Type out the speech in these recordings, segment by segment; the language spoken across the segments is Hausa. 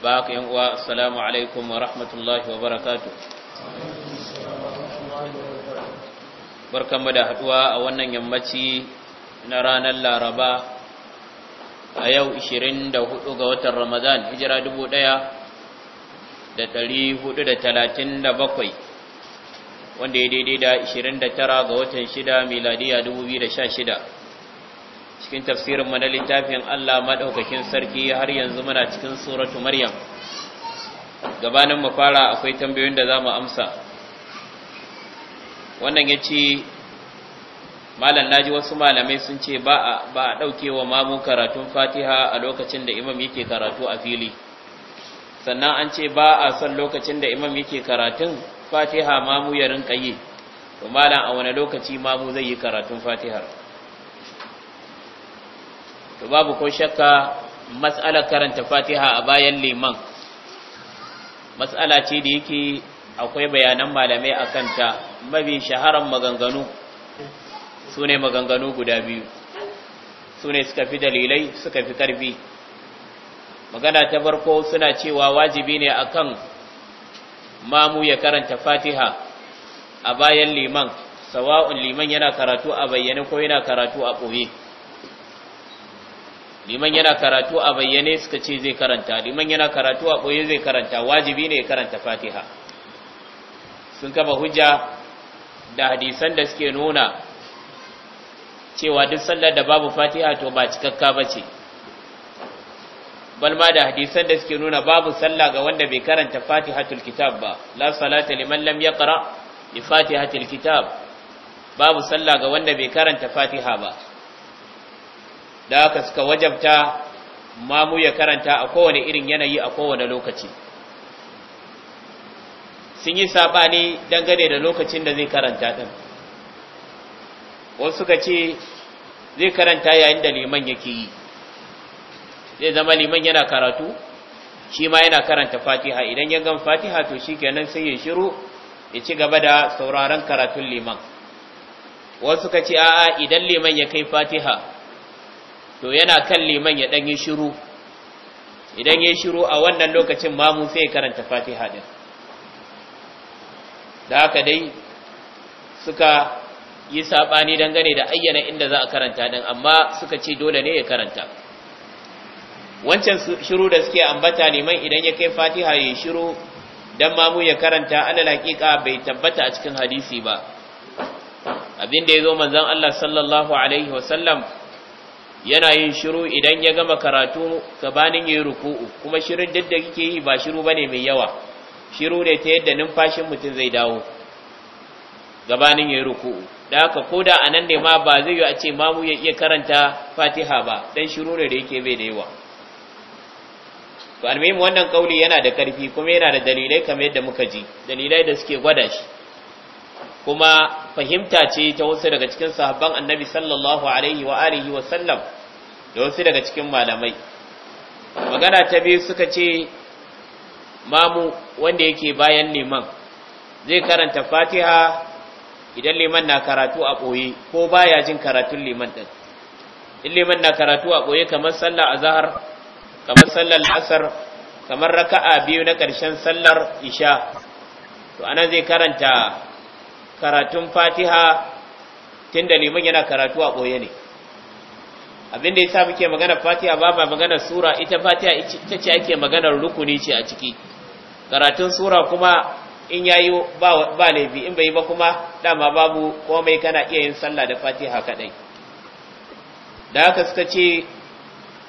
baka ka yan uwa assalamu alaikum wa rahmatullahi wa barakatuh barkanmu da haduwa a wannan yammaci na ranar laraba a yau 24 ga watan ramadan hijira 1437 wanda ya daidai da 29 ga watan 6 miladiya 2016 cikin tafsirin mu na littafin Allah madaukakin sarki har yanzu muna cikin suratu Maryam gabanin mu fara akwai tambayoyin da zamu amsa wannan yace malam naji wasu malamai sun ce ba a ba a daukewa mamu karatun Fatiha a lokacin da imam yake karatu a fili sannan an ce ba a son lokacin da imam yake karatun fatiha mamu ya rinka yi to malam a wani lokaci mamu zai yi karatun fatihar to babu ko shakka mas'alar karanta fatiha a bayan liman mas'ala ce da yake akwai bayanan malamai a kanta mafi shaharan maganganu su ne maganganu guda biyu su ne suka fi dalilai suka fi karfi magana ta farko suna cewa wajibi ne akan mamu ya karanta fatiha a bayan liman sawa'un liman yana karatu a bayyane ko yana karatu a ɓoye liman yana karatu a bayyane suka ce zai karanta liman yana karatu a boye zai karanta wajibi ne ya karanta fatiha sun kafa hujja da hadisan da suke nuna cewa duk sallar da babu fatiha to ba cikakka ba ce balma da hadisan da suke nuna babu sallah ga wanda bai karanta fatihatul kitab ba la salata liman lam yaqra li fatihatul kitab babu sallah ga wanda bai karanta fatiha ba da haka suka wajabta ma mu ya karanta a kowane irin yanayi a kowane lokaci sun yi saɓani dangane da lokacin da zai karanta ɗin wasu suka ce zai karanta yayin da liman yake yi zai zama liman yana karatu shi ma yana karanta fatiha idan ya gan fatiha to shi kenan sai ya shiru ya ci gaba da sauraron karatun liman wasu suka ce a'a idan liman ya kai fatiha to yana kan liman ya yi shiru idan ya shiru a wannan lokacin mamu sai karanta fatiha din da haka dai suka yi saɓani dangane da ayyana inda za a karanta din amma suka ce dole ne ya karanta wancan shiru da suke ambata liman idan ya kai fatiha ya shiru dan mamu ya karanta alal haƙiƙa bai tabbata a cikin hadisi ba abin da ya zo manzon Allah sallallahu alaihi wasallam yana yin shiru idan ya gama karatu gabanin yi ruku'u kuma shirin duk da kike yi ba shiru bane mai yawa shiru ne ta yadda numfashin mutum zai dawo gabanin yi ruku'u da haka koda anan ne ma ba zai yi a ce mamu ya iya karanta Fatiha ba dan shiru ne da yake bai da yawa to almuhim wannan kauli yana da karfi kuma yana da dalilai kamar yadda muka ji dalilai da suke gwada shi kuma fahimta ce ta wasu daga cikin sahabban annabi sallallahu alaihi wa alihi wa sallam da wasu daga cikin malamai magana ta biyu suka ce mamu wanda yake bayan liman zai karanta fatiha idan liman na karatu a ɓoye ko baya jin karatun liman ɗin in liman na karatu a ɓoye kamar sallar azahar kamar sallar asar kamar raka'a biyu na ƙarshen sallar isha to ana zai karanta karatun fatiha tun da liman yana karatu a ɓoye ne abinda da ya sa muke magana fatiha ba ba maganar sura ita fatiha ita ce ake maganar rukuni ce a ciki karatun sura kuma in ya yi ba laifi in bai ba kuma dama babu komai kana iya yin sallah da fatiha kaɗai. da haka suka ce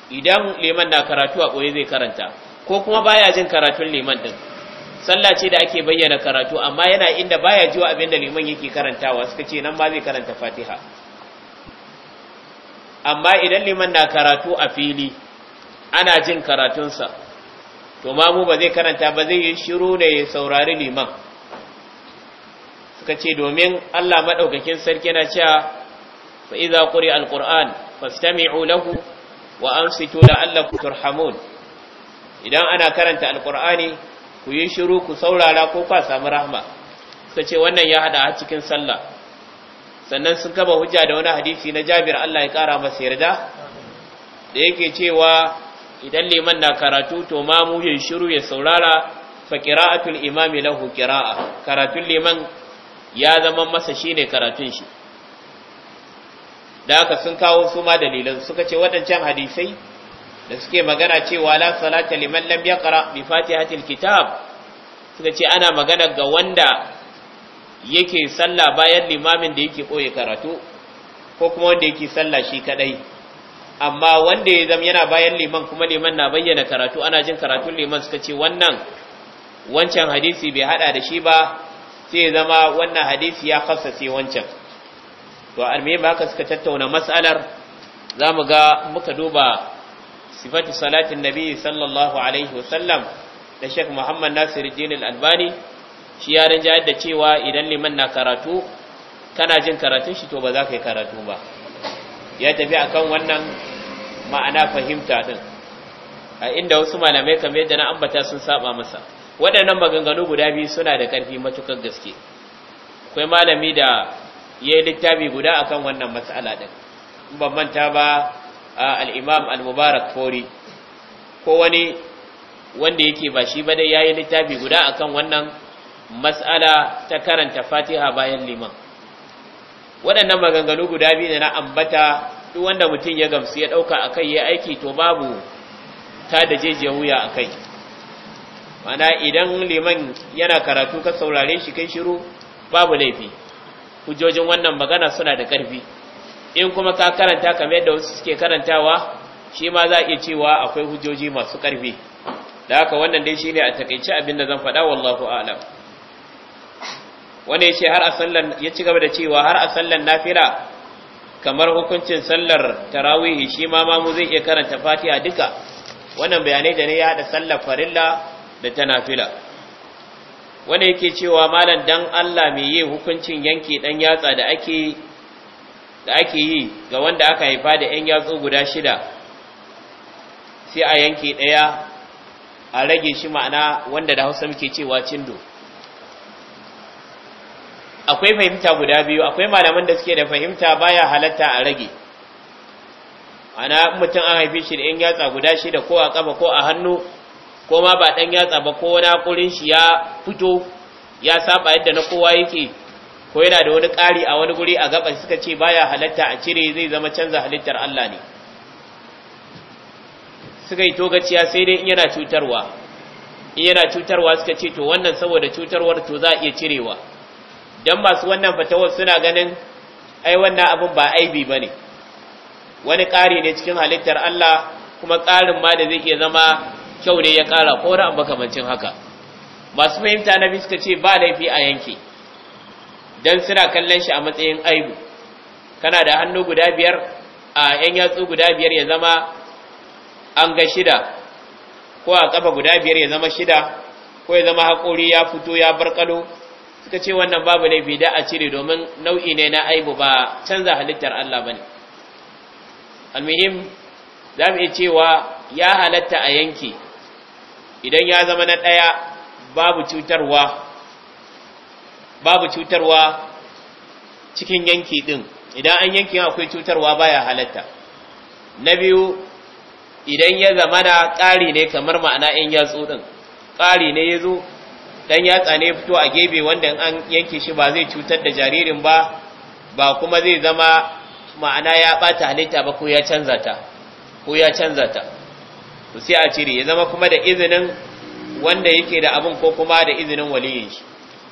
idan liman na karatu a ɓoye zai karanta ko kuma baya jin karatun liman din sallah ce da ake bayyana karatu amma yana inda baya jiwa abin da liman yake karantawa suka ce nan ba zai karanta fatiha amma idan liman na karatu a fili ana jin karatunsa to mamu ba zai karanta ba zai yi shiru ne ya saurari liman suka ce domin allah maɗaukakin sarki na cewa fa iza alƙur'an fastami'u lahu wa ansitu la'allakum turhamun idan ana karanta alƙur'ani ku yi shiru ku saurara ko kwa samu rahma suka ce wannan ya hada har cikin sallah sannan sun gaba hujja da wani hadisi na Jabir Allah ya kara masa yarda da yake cewa idan liman na karatu to ma mu yi shiru ya saurara fa qira'atul imami lahu qira'a karatun liman ya zama masa shine karatun shi da haka sun kawo su ma dalilan suka ce waɗancan hadisai da suke magana cewa la salata liman lam yaqra bi fatihatil kitab suka ce ana magana ga wanda yake sallah bayan limamin da yake koyi karatu ko kuma wanda yake sallah shi kadai amma wanda ya zama yana bayan liman kuma liman na bayyana karatu ana jin karatun liman suka ce wannan wancan hadisi bai hada da shi ba sai zama wannan hadisi ya khassace wancan to ba haka suka tattauna mas'alar zamu ga muka duba sifati salatin nabi sallallahu alaihi wasallam da Sheikh Muhammad Nasiruddin Al-Albani shi ya rinjayar da cewa idan liman na karatu kana jin karatun shi to ba za ka yi karatu ba ya tafi akan wannan ma'ana fahimta din a inda wasu malamai kamar yadda na ambata sun saɓa masa waɗannan maganganu guda biyu suna da ƙarfi matukar gaske akwai malami da ya yi littafi guda akan wannan matsala din ban manta ba al-imam al-mubarak fori ko wani wanda yake ba shi ba dai yi littafi guda akan wannan mas'ala ta karanta fatiha bayan liman waɗannan maganganu guda biyu na ambata duk wanda mutum ya gamsu ya ɗauka a kai ya aiki to babu ta da jejiyar wuya a kai mana idan liman yana karatu ka saurare shi kai shiru babu laifi hujjojin wannan magana suna da ƙarfi in kuma ka karanta kamar yadda wasu suke karantawa shi ma za a iya cewa akwai hujjoji masu ƙarfi da haka wannan dai shine a takaice abin da zan faɗa wallahu a'lam Wani yace har a sallan ya ci gaba da cewa har a sallan nafila kamar hukuncin sallar tarawih shi ma mamu zai iya karanta fatiha duka wannan bayanai da ne ya da sallar farilla da ta nafila wani yake cewa malam dan Allah me yi hukuncin yanke dan yatsa da ake da ake yi ga wanda aka haifa da ‘yan yatsu guda shida sai a yanke ɗaya a rage shi ma'ana wanda da hausa muke cewa cindo akwai fahimta guda biyu akwai malaman da suke da fahimta baya halatta a rage ana mutum an haife shi da ‘yan yatsa guda shida ko a ƙafa ko a hannu ko ma ba ɗan yatsa ba ko wani haƙurin shi ya fito ya saba yadda na kowa yake ko yana da wani ƙari a wani guri a gaban suka ce baya halatta a cire zai zama canza halittar Allah ne suka yi togaciya sai dai in yana cutarwa in yana cutarwa suka ce to wannan saboda cutarwar to za a iya cirewa don masu wannan fatawar suna ganin ai wannan abin ba aibi ba ne wani ƙari ne cikin halittar Allah kuma ƙarin ma da zai iya zama kyau ne ya ƙara ko wani makamancin haka masu fahimta na suka ce ba laifi a yanke dan suna kallon shi a matsayin aibu kana da hannu guda biyar a yan yatsu guda biyar ya zama an ga shida ko a ƙafa guda biyar ya zama shida ko ya zama haƙori ya fito ya barkalo suka ce wannan babu ne da a cire domin nau'i ne na aibu ba canza halittar Allah bane almuhim za mu iya cewa ya halatta a yanki idan ya zama na ɗaya babu cutarwa babu cutarwa cikin yanki din idan an yanki akwai cutarwa baya halatta na biyu idan ya zama da ƙari ne kamar ma'ana in yatsu din ƙari ne ya zo dan yatsa ne fito a gebe wanda an yanke shi ba zai cutar da jaririn ba ba kuma zai zama ma'ana ya bata halitta ba ko ya canza ta ko ya canza ta to sai a cire ya zama kuma da izinin wanda yake da abin ko kuma da izinin waliyin shi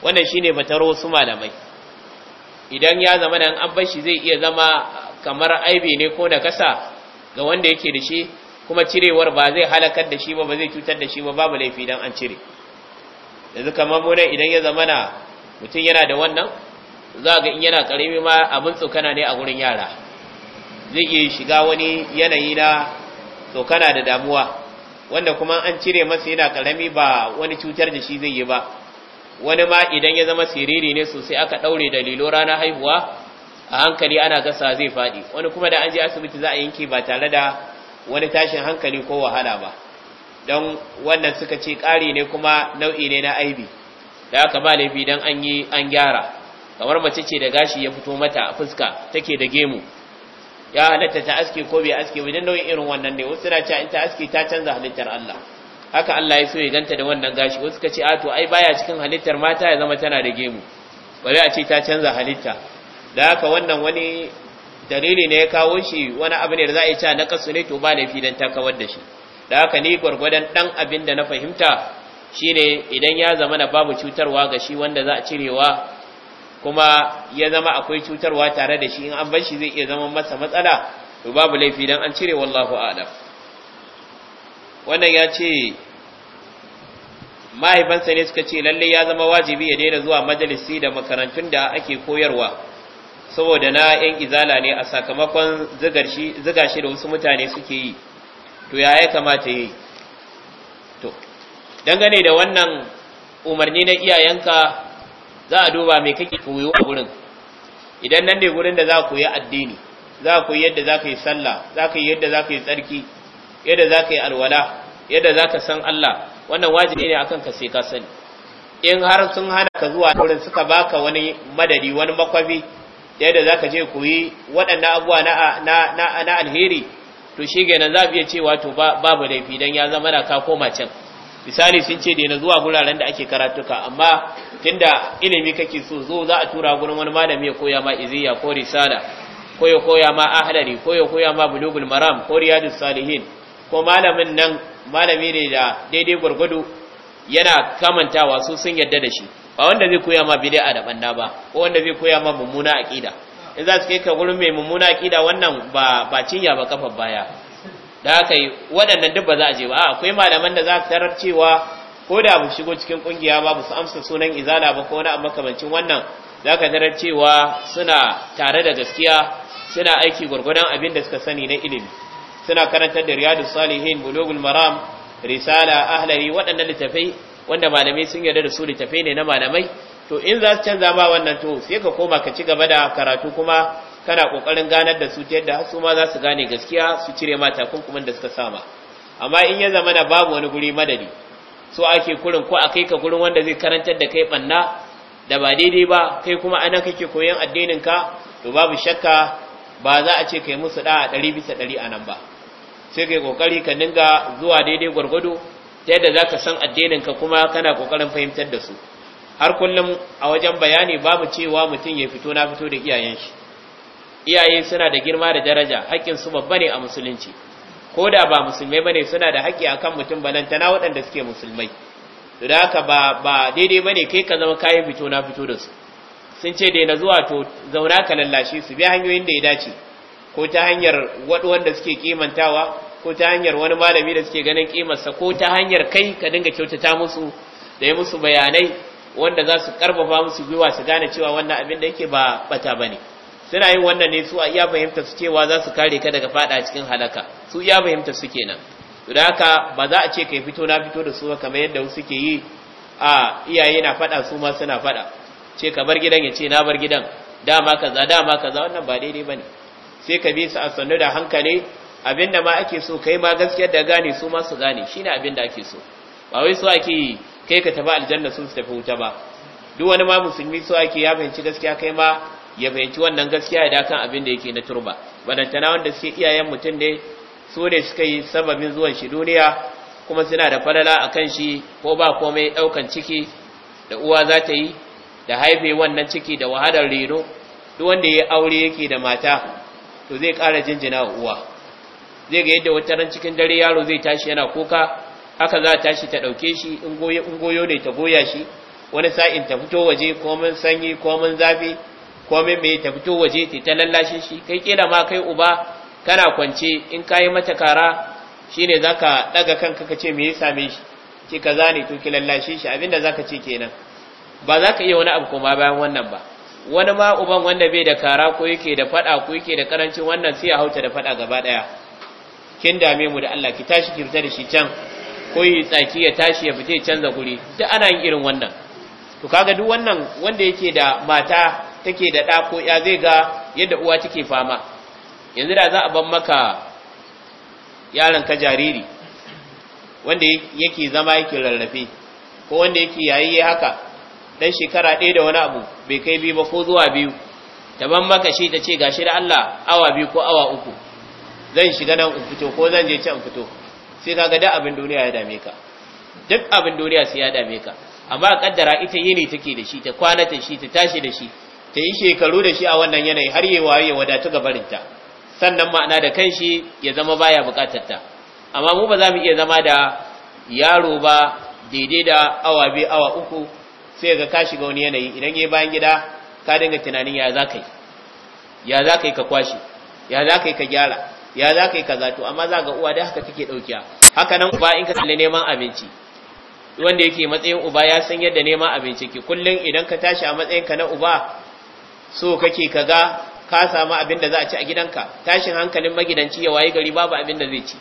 wannan shine bataro su malamai idan ya zama nan an bar shi zai iya zama kamar aibe ne ko nakasa kasa ga wanda yake da shi kuma cirewar ba zai halakar da shi ba ba zai cutar da shi ba babu laifi dan an cire yanzu kamar mu idan ya zama na mutum yana da wannan za ga in yana karimi ma abin tsokana ne a gurin yara zai iya shiga wani yanayi na tsokana da damuwa wanda kuma an cire masa yana karami ba wani cutar da shi zai yi ba wani ma idan ya zama siriri ne sosai aka daure dalilo ranar haihuwa a hankali ana gasa zai faɗi wani kuma da an je asibiti za a yanke ba tare da wani tashin hankali ko wahala ba don wannan suka ce ƙari ne kuma nau'i ne na aibi da aka ba laifi don an yi an gyara kamar mace ce da gashi ya fito mata a fuska take da gemu ya halatta ta aske ko bai aske wajen nau'in irin wannan ne wasu na ca in ta aske ta canza halittar Allah haka Allah ya so ya ganta da wannan gashi wasu kace a to ai baya cikin halittar mata ya zama tana da gemu bare a ce ta canza halitta da haka wannan wani dalili ne ya kawo shi wani abu ne da za a yi cewa na kasu ne to ba laifi dan ta kawar da shi da haka ni gurgurdan dan abin da na fahimta shine idan ya zama na babu cutarwa ga shi wanda za a cirewa kuma ya zama akwai cutarwa tare da shi in an bar shi zai iya zama masa matsala to babu laifi dan an cire wallahu a'lam wannan ya ce mahaifansa ne suka ce lalle ya zama wajibi ya daina zuwa majalisi da makarantun da ake koyarwa saboda na yan izala ne a sakamakon ziga shi da wasu mutane suke yi to ya ya kamata yi to dangane da wannan umarni na iyayenka za a duba mai kake koyo a wurin, idan nan ne wurin da za ku yi addini za ku yi yadda za ka yi sallah za ka yi yadda za ka yi tsarki yadda za ka yi alwala yadda za ka san Allah wannan wajibi ne akan ka sai ka sani in har sun hana ka zuwa wurin suka baka wani madadi wani makwabi yadda za ka je koyi waɗannan abuwa na alheri to shi nan za iya cewa to babu laifi don ya zama da ka koma can misali sun ce daina zuwa guraren da ake karatuka amma tunda ilimi kake so zo za a tura gurin wani malami ya koya ma iziya ko risala ko ya koya ma ahlari ko ya koya ma bulugul maram ko riyadus salihin ko malamin nan malami ne da daidai gwargwado yana kamantawa su sun yadda da shi ba wanda zai koya ma bid'a da banda ba ko wanda zai koya ma mummuna aqida in za su kai ka gurin mai mummuna aqida wannan ba ba cinya ba kafar baya da haka waɗannan duk ba za a je ba akwai malaman da za su tarar cewa ko da bu shigo cikin kungiya ba su amsa sunan izala ba ko wani abu makamancin wannan za ka tarar cewa suna tare da gaskiya suna aiki gwargwadon abin da suka sani na ilimi suna karantar da Riyadu salihin bulogul maram risala ahlari waɗannan littafai wanda malamai sun yarda da su littafai ne na malamai to in za su canza ma wannan to sai ka koma ka ci gaba da karatu kuma kana kokarin ganar da su ta yadda su ma za su gane gaskiya su cire ma takunkumin da suka sama amma in ya zama na babu wani guri madadi so ake kurin ko a kai ka gurin wanda zai karantar da kai banna da ba daidai ba kai kuma anan kake koyon addinin ka to babu shakka ba za a ce kai musu da ɗari bisa ɗari a nan ba sai kai kokari ka ninga zuwa daidai gwargwado ta yadda zaka san addinin ka kuma kana kokarin fahimtar da su har kullum a wajen bayani babu cewa mutum ya fito na fito da iyayen shi iyaye suna da girma da daraja haƙƙin su babba ne a musulunci ko da ba musulmai bane suna da haƙƙi akan mutum na waɗanda suke musulmai to da haka ba ba daidai bane kai ka zama kayan fito na fito da su sun ce dai na zuwa to zauna ka lallashi su bi hanyoyin da ya dace ko ta hanyar wanda suke kimantawa ko ta hanyar wani malami da suke ganin kimarsa ko ta hanyar kai ka dinga kyautata musu da ya musu bayanai wanda za su karfafa musu gwiwa su gane cewa wannan abin da yake ba bata bane suna yin wannan ne su a iya fahimta su cewa za su kare ka daga fada cikin halaka su iya fahimta su kenan to da haka ba za a ce kai fito na fito da su kamar yadda wasu ke yi a iyaye na fada su ma suna fada ce ka bar gidan ya ce na bar gidan dama kaza dama kaza wannan ba daidai bane sai ka bi su a sannu da hankali abinda ma ake so kai ma gaskiyar da gane su ma su gane shine abinda ake so ba wai so ake kai ka tafi aljanna sun su tafi wuta ba duk wani ma musulmi so ake ya fahimci gaskiya kai ma ya fahimci wannan gaskiya da kan abin da yake na turba badantana wanda suke iyayen mutum ne su ne suka yi sababin zuwan shi duniya kuma suna da falala a kan shi ko ba komai ɗaukan ciki da uwa za ta yi da haife wannan ciki da wahalar reno duk wanda ya aure yake da mata to zai ƙara jinjina wa uwa zai ga yadda wata ran cikin dare yaro zai tashi yana kuka haka za ta tashi ta ɗauke shi in goyo ne ta goya shi wani sa'in ta fito waje komin sanyi komin zafi komin mai ta fito waje ta ta lallashe shi kai kila ma kai uba kana kwance in kayi mata kara shine zaka daga kanka ka ce me ya same shi ki kaza ne to ki lallashe shi abinda zaka ce kenan ba za ka iya wani abu kuma bayan wannan ba wani ma uban wanda bai da kara ko yake da fada ko yake da karancin wannan sai ya hauta da fada gaba daya kin dame mu da Allah ki tashi ki fita da shi can ko yi tsaki ya tashi ya fita canza guri duk ana yin irin wannan to kaga duk wannan wanda yake da mata take da da ko ya zai ga yadda uwa take fama yanzu da za a ban maka yaron ka jariri wanda yake zama yake rarrafe ko wanda yake yayi haka dan shekara ɗaya da wani abu bai kai biyu ba ko zuwa biyu Ta maka shi ta ce ga shi da Allah awa biyu ko awa uku zan shiga nan in fito ko zan je can fito sai ga da abin duniya ya dame ka duk abin duniya sai ya dame ka amma a kaddara ita yini take da shi ta kwana ta shi ta tashi da shi ta yi shekaru da shi a wannan yanayi har yi waye wadatu ta sannan ma'ana da kanshi ya zama baya bukatar ta amma mu ba za mu iya zama da yaro ba daidai da awa biyu awa uku sai ga ka shiga wani yanayi idan yayi bayan gida ka dinga tunanin ya za kai ya za kai ka kwashi ya za kai ka gyara ya za kai ka zato, amma za ga uwa da haka take daukiya haka nan uba in ka tsalle neman abinci wanda yake matsayin uba ya san yadda neman abinci ke kullum idan ka tashi a matsayin ka na uba so kake ka ga ka samu abin da za a ci a gidanka tashin hankalin magidanci ya waye gari babu abin da zai ci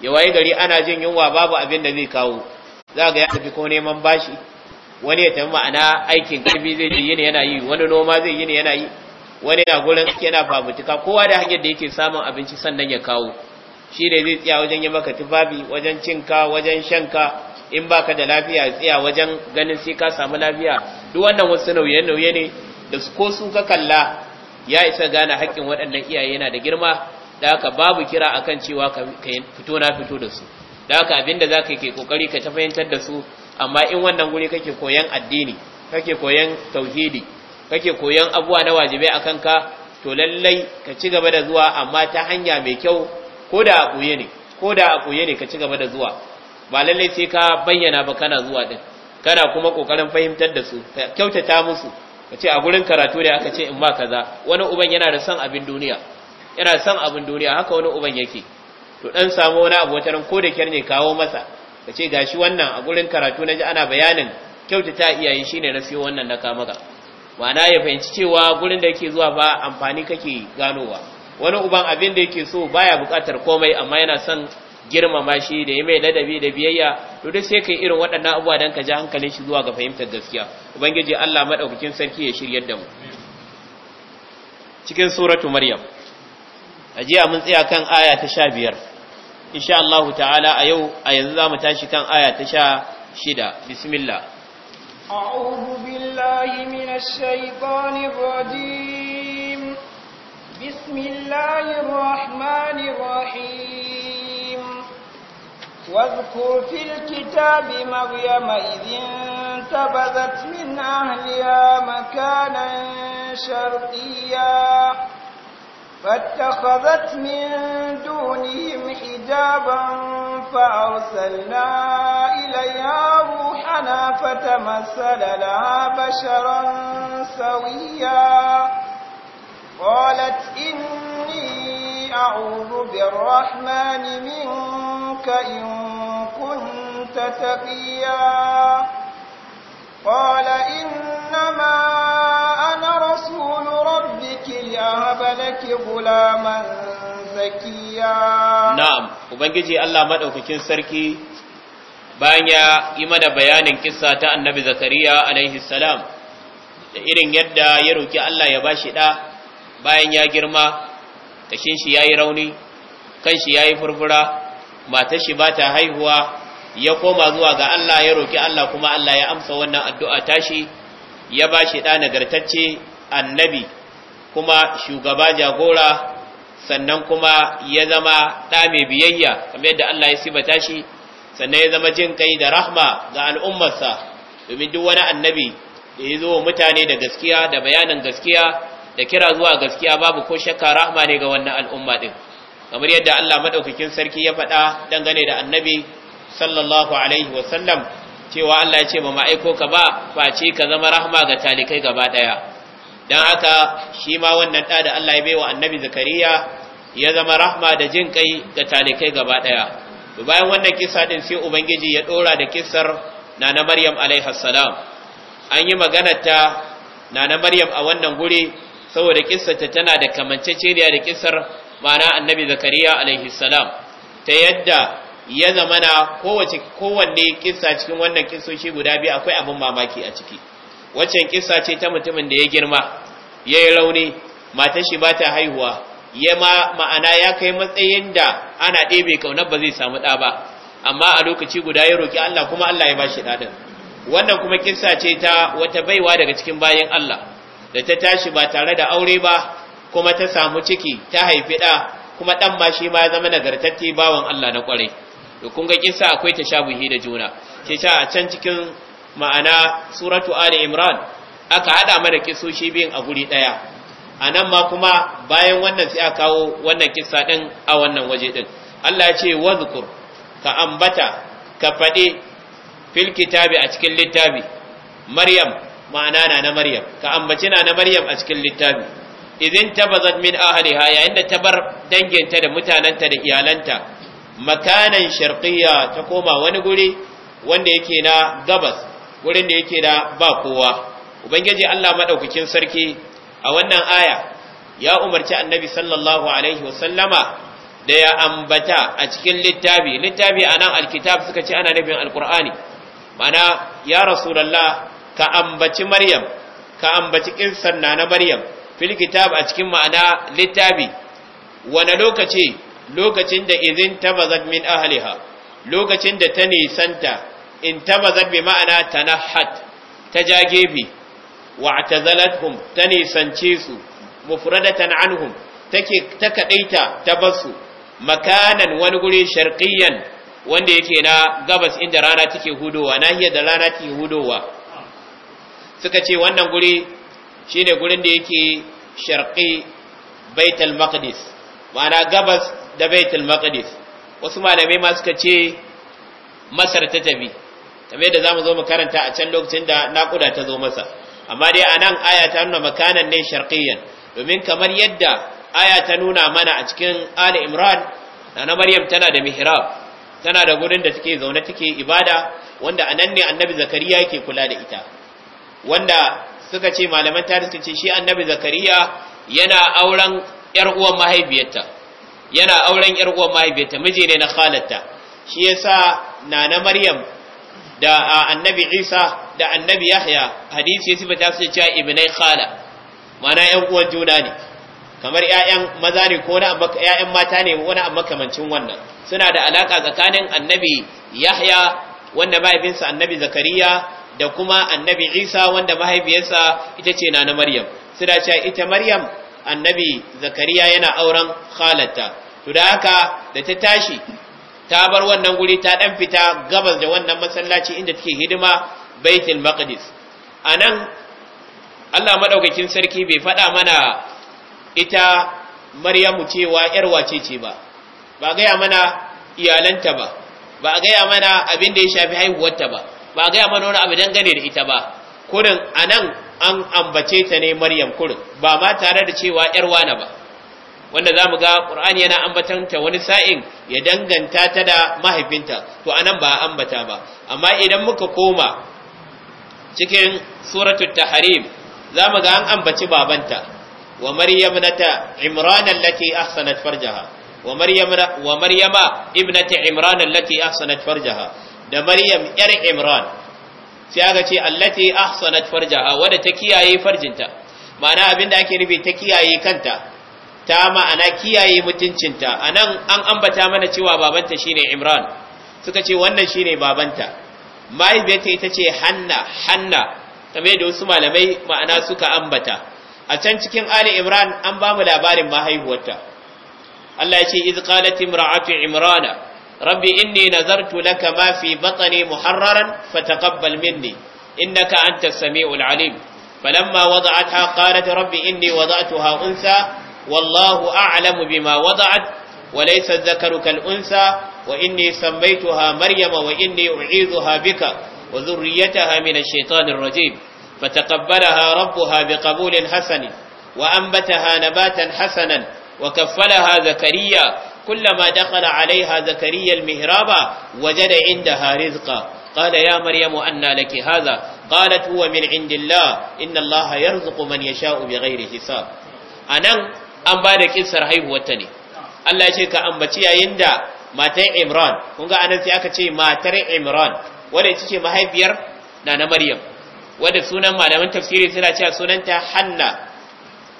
ya waye gari ana jin yunwa babu abin da zai kawo za ga ya tafi ko neman bashi wani ya tafi ma'ana aikin karfi zai yi ne yana yi wani noma zai yi ne yana yi wani na gurin yana fabutuka kowa da hanyar da yake samun abinci sannan ya kawo shi ne zai tsaya wajen yi maka tufafi wajen cinka wajen shanka in baka da lafiya tsaya wajen ganin sai ka samu lafiya duk wannan wasu nauye-nauye ne da ko su ka kalla ya isa gane haƙƙin waɗannan iyaye yana da girma da haka babu kira akan cewa ka fito na fito da su da haka abinda za ka ke ƙoƙari ka ta fahimtar da su amma in wannan guri kake koyan addini kake koyan tauhidi kake koyan abuwa na wajibai akan ka to lallai ka ci gaba da zuwa amma ta hanya mai kyau ko da a koye ne ko da a koye ne ka ci gaba da zuwa ba lallai sai ka bayyana ba kana zuwa din kana kuma kokarin fahimtar da su ka kyautata musu ka ce a gurin karatu da aka ce in ba kaza wani uban yana da son abin duniya yana son abin duniya haka wani uban yake to dan samu wani abu wataran ko da kyar ne kawo masa ka ce gashi wannan a gurin karatu na ji ana bayanin kyautata iyaye shine na siyo wannan na kama kamaga ma'ana ya fahimci cewa gurin da yake zuwa ba amfani kake ganowa wani uban abin da yake so baya bukatar komai amma yana son girmama shi da ya mai ladabi da biyayya to duk sai kai irin waɗannan abubuwa dan ka ji hankalin shi zuwa ga fahimtar gaskiya ubangiji Allah madaukakin sarki ya shiryar da mu cikin suratu maryam ajiya mun tsaya kan aya ta 15 insha Allah ta'ala a yau a yanzu zamu tashi kan aya ta sha shida bismillah a'udhu billahi minash shaitanir rajim bismillahir rahmanir rahim واذكر في الكتاب مريم إذ انتبذت من أهلها makanan شرقيا فاتخذت من دونهم حجابا فأرسلنا إليها روحنا فتمثل لها بشرا سويا قالت إني أعوذ بالرحمن منك إن كنت تقيا قال إنما أنا رسول ربك لأهب لك غلاما زكيا نعم وبنجي الله مدعوكين سركي bayan ya yi mana bayanin kissa ta annabi zakariya alaihi salam da irin yadda ya roki Allah ya bashi da bayan ya girma kashin shi yayi rauni kan shi yayi furfura matar shi bata haihuwa ya koma zuwa ga Allah ya roki Allah kuma Allah ya amsa wannan addu'a tashi ya ba shi ɗa nagartacce annabi kuma shugaba jagora sannan kuma ya zama ɗa mai biyayya kamar yadda Allah ya siba tashi sannan ya zama jin kai da rahma ga al'ummarsa domin duk wani annabi da ya zo mutane da gaskiya da bayanin gaskiya da kira zuwa gaskiya babu ko shakka rahma ne ga wannan al'umma din kamar yadda Allah madaukakin sarki ya faɗa dangane da annabi sallallahu alaihi wasallam cewa Allah ya ce ba ma'aiko ka ba face ka zama rahma ga talikai gaba daya dan haka shi ma wannan da da Allah ya baiwa annabi zakariya ya zama rahma da jin kai ga talikai gaba daya to bayan wannan kissa din sai ubangiji ya dora da kissar nana maryam alaiha salam an yi maganar ta nana maryam a wannan guri saboda kissar ta tana da kamanceceniya da kissar ma'ana annabi zakariya alaihi salam ta yadda ya zamana kowace kowanne kissa cikin wannan kissoshi guda biyu akwai abin mamaki a ciki waccan kissa ce ta mutumin da ya girma ya yi rauni mata shi ba ta haihuwa ya ma ma'ana ya kai matsayin da ana ɗebe kaunar ba zai samu ɗa ba amma a lokaci guda ya roƙi Allah kuma Allah ya ba shi ɗaɗin wannan kuma kissa ce ta wata baiwa daga cikin bayan Allah da ta tashi ba tare da aure ba kuma ta samu ciki ta haifi ɗa kuma ɗan ma shi ma ya zama nagartacce bawan Allah na ƙwarai to kun ga kisa akwai ta shabuhi da juna Ke ta a can cikin ma'ana suratu ali imran aka hada mana kisoshi biyun a guri daya anan ma kuma bayan wannan sai aka kawo wannan kissa din a wannan waje din Allah ya ce wazkur ka ambata ka fadi fil kitabi a cikin littafi maryam ma'ana na na maryam ka ambaci na na maryam a cikin littafi idan tabazat min ahliha yayin da ta bar danginta da mutananta da iyalanta makanan sharqiyya ta koma wani guri wanda yake na gabas gurin da yake da ba kowa ubangiji Allah madaukakin sarki a wannan aya ya umarci annabi sallallahu alaihi wasallama da ya ambata a cikin littafi littafi a nan alkitab suka ce ana nufin alqur'ani mana ya rasulullah ka ambaci maryam ka ambaci kinsan na maryam fil kitab a cikin ma'ana littafi wani lokaci lokacin da izin tabazat min ahliha lokacin da ta nisanta in tabazat bi ma'ana tanahat ta ja gefe wa atazalathum ta nisance su mufradatan anhum take ta kadaita ta makanan wani guri sharqiyan wanda yake na gabas inda rana take hudowa nahiya da rana take hudowa suka ce wannan guri shine gurin da yake sharqi baitul maqdis ma'ana gabas da baitul maqdis wasu malamai ma suka ce masar ta tabi kamar yadda zamu zo mu karanta a can lokacin da naƙuda ta zo masa amma dai anan aya ta nuna makanan ne sharqiyyan domin kamar yadda aya ta nuna mana a cikin ali imran na maryam tana da mihrab tana da gurin da take zaune take ibada wanda anan ne annabi zakariya yake kula da ita wanda suka ce malaman tarihi suka ce shi annabi zakariya yana auren yar uwan mahaifiyarta yana auren yar uwar mahaifiyarta miji ne na khalatta shi yasa nana maryam da annabi isa da annabi yahya hadisi ya sifata su cewa ibnai khala mana yan uwan juna ne kamar ƴaƴan maza ne ko ƴaƴan mata ne wani a makamancin wannan suna da alaka tsakanin annabi yahya wanda mahaifinsa annabi zakariya da kuma annabi isa wanda mahaifiyarsa ita ce nana maryam suna cewa ita maryam annabi zakariya yana auren khalatta to da haka da ta tashi ta bar wannan guri ta dan fita gabas da wannan masallaci inda take hidima baitul maqdis anan Allah madaukakin sarki bai faɗa mana ita maryamu cewa yar wace ce ba ba gaya mana iyalanta ba ba gaya mana abin da ya shafi haihuwarta ba ba gaya mana wani abu dangane da ita ba kurin anan an ambace ta ne maryam kurin ba ma tare da cewa yar wana ba wanda zamu ga qur'ani yana ambatan ta wani sa'in ya danganta ta da mahaifinta to anan ba ambata ba amma idan muka koma cikin suratul tahrim zamu ga an ambaci babanta wa maryam nata imran allati ahsanat farjaha wa maryam wa maryama ibnati imran allati ahsanat farjaha da maryam yar imran sai aka ce allati ahsanat farjaha wadda ta kiyaye farjinta ma'ana abinda ake nufi ta kiyaye kanta ta ma'ana kiyaye mutuncinta anan an ambata mana cewa babanta shine Imran suka ce wannan shine babanta mahaifiyarta ita ce Hanna Hanna kamar da wasu malamai ma'ana suka ambata a can cikin Ali Imran an ba mu labarin mahaihuwarta Allah ya ce iz qalat imra'atu imrana rabbi inni nazartu laka ma fi batni muharraran fataqabbal minni innaka antas samiul alim falamma wada'atha qalat rabbi inni wada'tuha unsa wallahu a'lamu bima wada'at وليس الذكر كالأنثى وإني سميتها مريم وإني أعيذها بك وذريتها من الشيطان الرجيم فتقبلها ربها بقبول حسن وأنبتها نباتا حسنا وكفلها زكريا كلما دخل عليها زكريا المهراب وجد عندها رزقا قال يا مريم أنى لك هذا قالت هو من عند الله إن الله يرزق من يشاء بغير حساب أنا أم بعد كسر هاي هو التاني الله يشيك أم بتي عند ماتي عمران كونغا أنا في أكتي ماتي عمران ولا تشي ما هي بير نانا مريم وده سونا ما لمن تفسيري سنة سنة حنا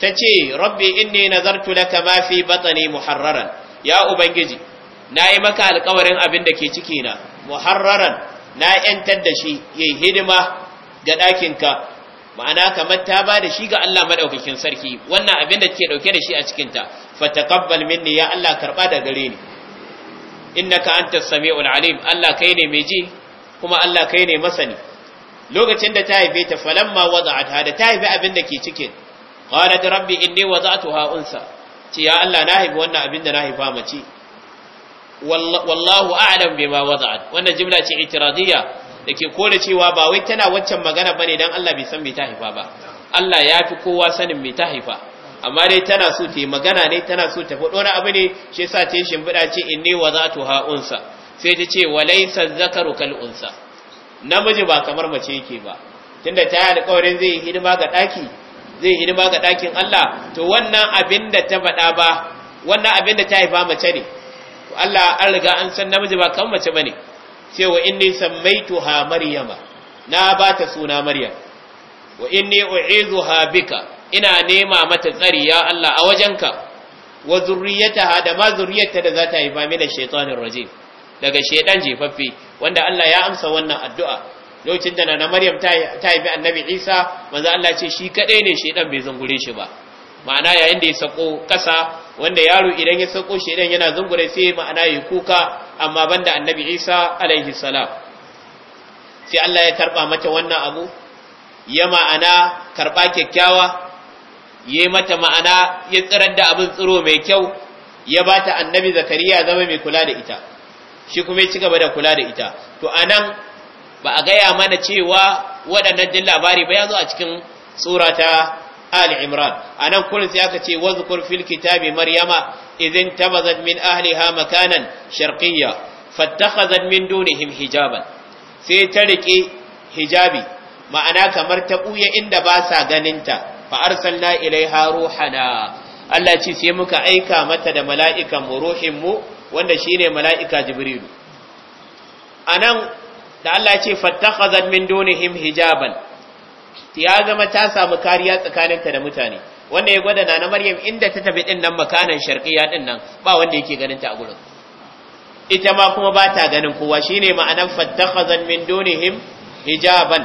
تشي ربي إني نظرت لك ما في بطني محررا ya ubangiji na yi maka alkawarin abin da ke cikina muharraran na ‘yantar da shi ya yi hidima ga ɗakinka ma'ana kamar ta ba da shi ga Allah maɗaukakin sarki wannan abin da ke ɗauke da shi a cikinta fatakabbal minni ya Allah karɓa da gare ni Inna ka anta sami'ul alim Allah kai ne mai ji kuma Allah kai ne masani lokacin da ta haife ta falamma wada'atha da ta haife abin da ke cikin qalat rabbi inni wada'tuha unsa ce ya Allah na haifi wannan abin da na haifa mace wallahu a'lam bima wada'at wannan jimla ce itiradiyya dake kore cewa ba wai tana waccan magana bane dan Allah bai san me ta haifa ba Allah ya fi kowa sanin me ta haifa amma dai tana so ta yi magana ne tana so ta faɗo wani abu ne shi yasa ta yi ce in ne wa za ta ha'unsa sai ta ce walaisa zakaru kal unsa namiji ba kamar mace yake ba tunda ta yi alƙawarin zai yi hidima ga ɗaki zai hidima ga ɗakin Allah to wannan abin da ta faɗa ba wannan abin da ta haifa mace ne Allah an riga an san namiji ba kan mace bane cewa inni ha maryama na ba ta suna maryam wa inni u'izuha bika ina nema mata tsari ya Allah a wajenka wa zurriyataha da ma zurriyarta da za ta haifa mina shaytanir rajim daga shaytan jefaffe wanda Allah ya amsa wannan addu'a lokacin da na Maryam ta haifi annabi Isa manzo Allah ce shi kadai ne shedan bai zungure shi ba ma'ana yayin da ya sako kasa wanda yaro idan ya sako shedan yana zungure sai ma'ana ya kuka amma banda annabi Isa alaihi salam sai Allah ya karba mata wannan abu ya ma'ana karba kyakkyawa ya mata ma'ana ya tsirar da abin tsiro mai kyau ya bata annabi Zakariya zama mai kula da ita shi kuma ya ci gaba da kula da ita to anan ba a gaya mana cewa waɗannan din labari ba ya zo a cikin surata Ali Imran a nan kurin sai aka ce wanzu fil kitabi Maryama idin tabazat min ha makanan sharqiyya fattakhazat min dunihim hijaban sai ta rike hijabi ma'ana kamar ta buya inda ba sa ganinta fa arsalna ilaiha ruhana Allah ce sai muka aika mata da mala'ikan mu ruhin mu wanda shine mala'ika Jibrilu anan da Allah ce fattakhazat min dunihim hijaban ya zama ta samu kariya tsakaninta da mutane wanda ya gwada na Maryam inda ta tafi din nan makanan sharqiya din nan ba wanda yake ganin ta a gurin ita ma kuma ba ta ganin kowa shine ma'anan fattakhazat min dunihim hijaban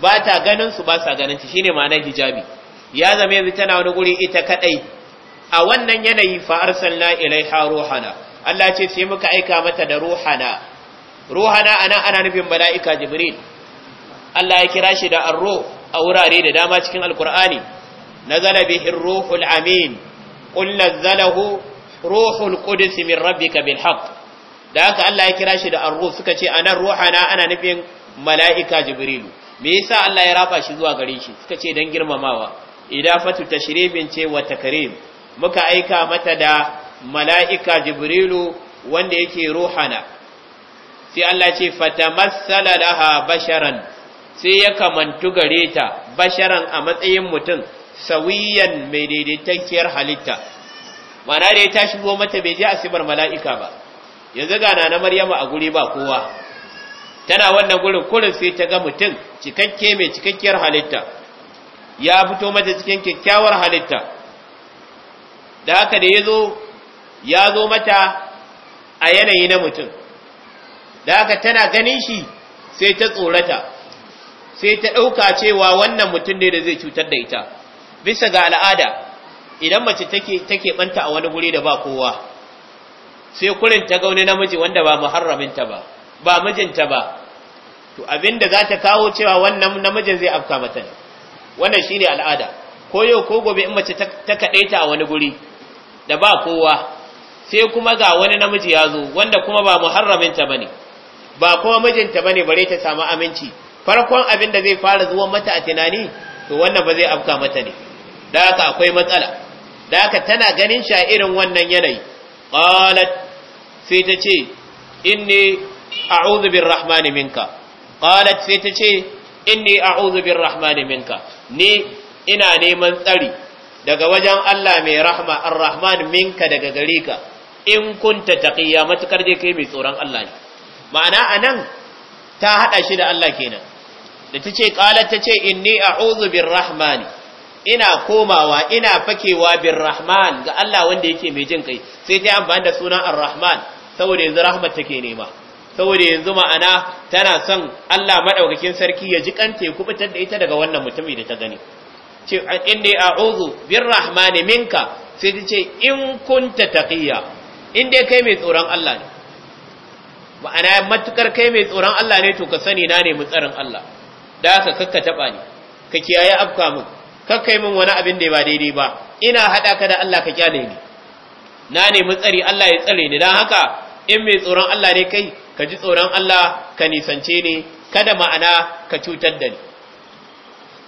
ba ta ganin su ba sa ganin ta shine ma'anar hijabi ya zama yanzu tana wani guri ita kadai a wannan yanayi fa arsalna ilaiha ruhana Allah ce sai muka aika mata da ruhana ruhana ana ana nufin mala'ika jibril Allah ya kira shi da ar-ruh a wurare da dama cikin alkur'ani nazala bihi ruhul amin qul nazalahu ruhul qudus min rabbika bil haqq da haka Allah ya kira shi da ar-ruh suka ce anan ruhana ana nufin mala'ika jibril me yasa Allah ya rafa shi zuwa gare shi suka ce dan girmamawa idafatu tashribin ce wa takrim muka aika mata da mala'ika jibrilu wanda yake ruhana sai Allah ce fatamassala laha basharan sai ya kamantu gare ta basharan a matsayin mutum sawiyan mai daidaitakkiyar halitta mana da ta shigo mata bai je asibar mala'ika ba yanzu gana na maryama a guri ba kowa tana wannan gurin kurin sai ta ga mutum cikakke mai cikakkiyar halitta ya fito mata cikin kyakkyawar halitta da haka da ya zo ya zo mata a yanayi na mutum da aka tana ganin shi sai ta tsorata sai ta ɗauka cewa wannan mutum ne da zai cutar da ita bisa ga al'ada idan mace take ɓanta a wani guri da ba kowa sai kurin ta gauni namiji wanda ba muharraminta ba ba mijinta ba to abinda za ta kawo cewa wannan namijin zai afka mata ne wannan shine al'ada ko yau ko gobe in mace ta kadaita a wani guri da ba kowa sai kuma ga wani namiji ya zo wanda kuma ba muharraminta bane ba kuma mijinta ba ne bare ta samu aminci farkon abin da zai fara zuwa mata a tunani to wannan ba zai afka mata ne da haka akwai matsala da haka tana ganin sha irin wannan yanayi qalat sai ta ce inni a'udhu birrahmani minka qalat sai ta ce inni a'udhu birrahmani minka ni ina neman tsari daga wajen Allah mai rahma arrahman minka daga gare ka in kunta taqiya matukar dai kai mai tsoron Allah ne ma'ana anan ta hada shi da Allah kenan da tace ce qalat ta inni a'udhu Rahman, ina komawa ina fakewa birrahman ga Allah wanda yake mai jin kai sai ta amfani da sunan arrahman saboda yanzu rahmat take nema saboda yanzu ma'ana tana son Allah madaukakin sarki ya ji kante fitar da ita daga wannan mutumi da ta gani ce inni a'udhu Rahman minka sai ta ce in kunta taqiya in dai kai mai tsoron Allah ne ma'ana matukar kai mai tsoron Allah ne to ka sani na nemi tsarin Allah da haka kakka taba ni ka kiyaye afka mun kakkai mun wani abin da ba daidai ba ina hada ka da Allah ka kyale ni na nemi tsari Allah ya tsare ni dan haka in mai tsoron Allah ne kai ka ji tsoron Allah ka nisance ni kada ma'ana ka cutar da ni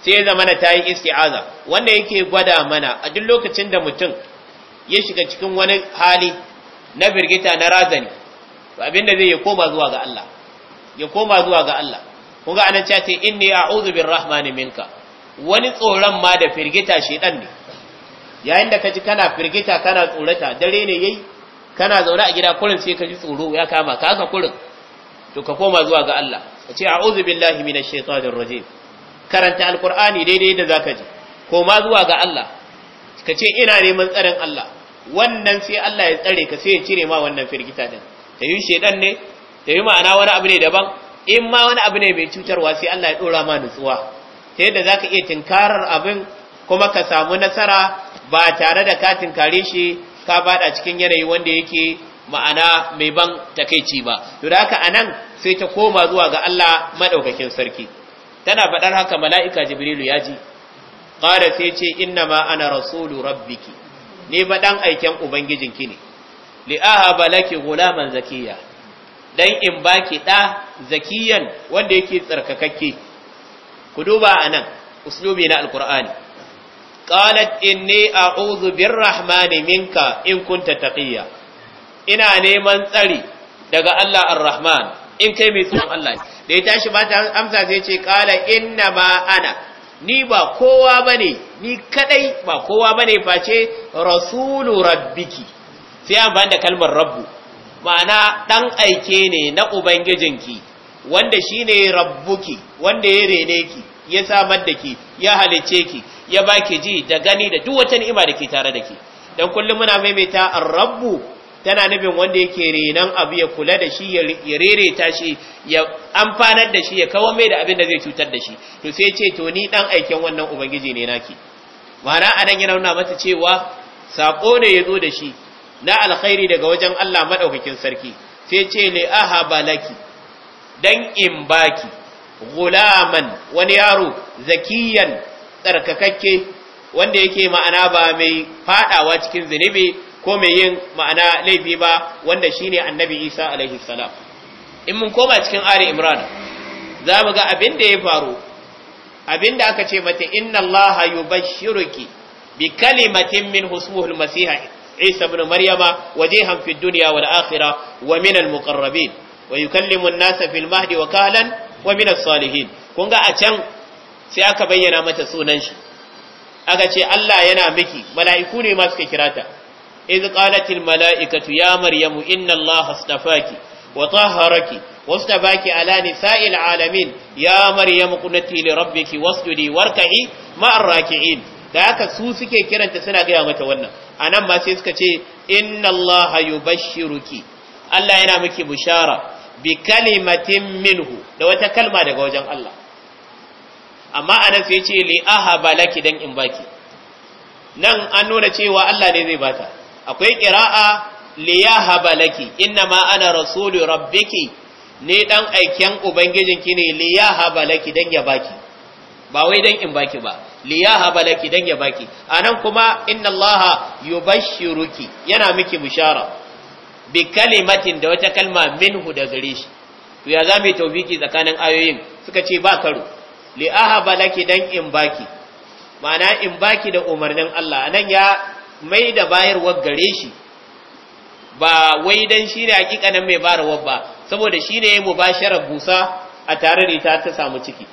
sai zamana ta yi isti'aza wanda yake gwada mana a duk lokacin da mutum ya shiga cikin wani hali na birgita na razani to abinda zai ya koma zuwa ga Allah ya koma zuwa ga Allah kun ga anan cewa inni a'udhu birrahmani minka wani tsoron ma da firgita shedan ne yayin da kaji kana firgita kana tsorata dare ne yayi kana zaune a gida kurin sai kaji tsoro ya kama ka haka kurin to ka koma zuwa ga Allah ka ce a'udhu billahi minash shaitanir rajim karanta alqur'ani daidai da zaka ji koma zuwa ga Allah ka ce ina neman tsarin Allah wannan sai Allah ya tsare ka sai ya cire ma wannan firgita din ta yi shedan ne ta yi ma'ana wani abu ne daban in ma wani abu ne mai cutarwa sai Allah ya dora ma nutsuwa ta yadda za ka iya tinkarar abin kuma ka samu nasara ba tare da ka tinkare shi ka bada cikin yanayi wanda yake ma'ana mai ban takaici ba to da haka anan sai ta koma zuwa ga Allah madaukakin sarki tana faɗar haka mala'ika jibrilu ya ji ƙara sai ce inna ma ana rasulu rabbiki ne ba ɗan aiken ubangijinki ne li ahaba laki gulaman zakiya dan in baki da zakiyan wanda yake tsarkakakke ku duba anan uslubi na alqur'ani qalat inni a'udhu birrahmani minka in kunta taqiya ina neman tsari daga Allah arrahman in kai mai tsoron Allah da ya tashi ba ta amsa sai ce qala inna ma ana ni ba kowa bane ni kadai ba kowa bane face rasulu rabbiki sai amfani da kalmar rabbu ma'ana ɗan aike ne na ubangijinki wanda shine rabbuki wanda ya rene ki ya samar da ki ya halicce ki ya baki ji da gani da duk wata ni'ima da ke tare da ki dan kullum muna maimaita ar-rabbu tana nufin wanda yake renan abu ya kula da shi ya rereta shi ya amfanar da shi ya kawo mai da abin da zai cutar da shi to sai ce to ni dan aiken wannan ubangiji ne naki ma'ana nan yana nuna mata cewa sako ne ya zo da shi na alkhairi daga wajen Allah madaukakin sarki sai ce li ahaba laki dan in baki gulaman wani yaro zakiyan tsarkakakke wanda yake ma'ana ba mai fadawa cikin zunubi ko mai yin ma'ana laifi ba wanda shine annabi Isa alaihi salam in mun koma cikin Ali Imran za mu ga abin da ya faru abin da aka ce mata inna Allah yubashshiruki bi kalimatin min husmuhul masiha عيسى بن مريم وجيها في الدنيا والآخرة ومن المقربين ويكلم الناس في المهد وكهلا ومن الصالحين كونغا أتشان سيأكا بينا متى سوننش أغاتي الله ينا مكي ملائكوني ما سككراتا إذ قالت الملائكة يا مريم إن الله اصطفاك وطهرك واصطفاك على نساء العالمين يا مريم قنتي لربك واسجدي واركعي مع الراكعين da haka su suke kiranta suna gaya mata wannan a nan ma sai suka ce inna Allah yubashshiruki Allah yana miki bushara bi kalimatin minhu da wata kalma daga wajen Allah amma anan sai ce li ahaba laki dan in baki nan an nuna cewa Allah ne zai bata akwai qira'a li yahaba laki inna ma ana rasulu rabbiki ne dan aiken ubangijinki ne li yahaba laki dan ya baki ba wai dan in baki ba liyaha laki dan ya baki anan kuma inna allaha yubashshiruki yana miki bishara bi kalimatin da wata kalma minhu da gare shi to ya zame tawfiki tsakanin ayoyin suka ce ba karo liyaha balaki dan in baki ma'ana in baki da umarnin Allah anan ya mai da bayarwar gare shi ba wai dan shi ne nan mai barawar ba saboda shi ne mubasharar busa a tare da ita ta samu ciki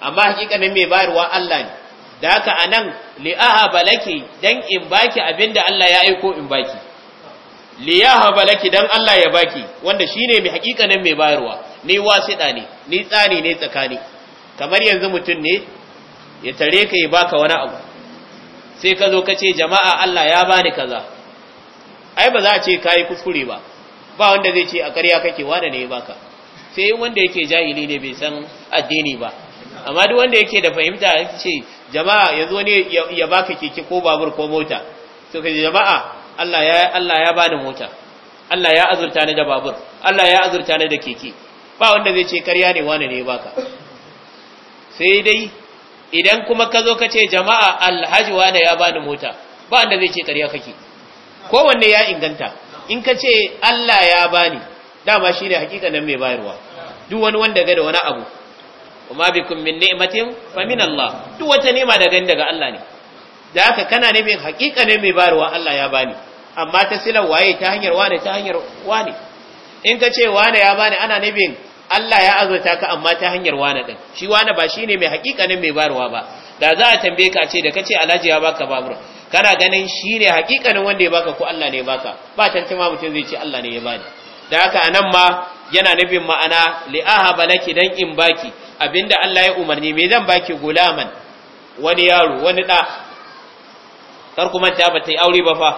amma nan mai bayarwa Allah ne da haka anan liaha balaki dan in baki abinda Allah ya aiko in baki liyahaba balaki dan Allah ya baki wanda shine mai hakikanin mai bayarwa ni wasida ne ni tsani ne tsakani kamar yanzu mutum ne ya tare ka ya baka wani abu sai ka zo ka ce jama'a Allah ya bani kaza ai ba za a ce kai kuskure ba ba wanda zai ce a ƙarya kake wanda ne ya baka sai wanda yake jahili ne bai san addini ba amma duk wanda yake da fahimta ce jama'a yanzu wani ya baka keke ko babur ko mota to kaje jama'a Allah ya Allah ya bani mota Allah ya azurta ni da babur Allah ya azurta ni da keke ba wanda zai ce karya ne wani ne baka sai dai idan kuma ka zo ka ce jama'a alhaji wani ya bani mota ba wanda zai ce karya kake kowanne ya inganta in ka ce Allah ya bani dama shine hakikanin mai bayarwa duk wani wanda ga da wani abu kuma bikum min ni'matin fa min Allah duk wata ni'ima daga gani daga Allah ne da haka kana ne bin hakika ne mai barwa Allah ya bani amma ta silar waye ta hanyar wane ta hanyar wane in ka ce wane ya bani ana bin Allah ya azurta ka amma ta hanyar wane din shi wane ba shine mai hakika ne mai barwa ba da za a tambaye ka ce da kace Alhaji ya baka babur kana ganin shi ne hakikanin wanda ya baka ko Allah ne ya baka ba tantama mutum zai ce Allah ne ya bani da haka anan ma yana nufin ma'ana li'ahaba laki dan in baki abinda Allah ya umarni me zan baki gulaman wani yaro wani da kar kuma ta ba yi aure ba fa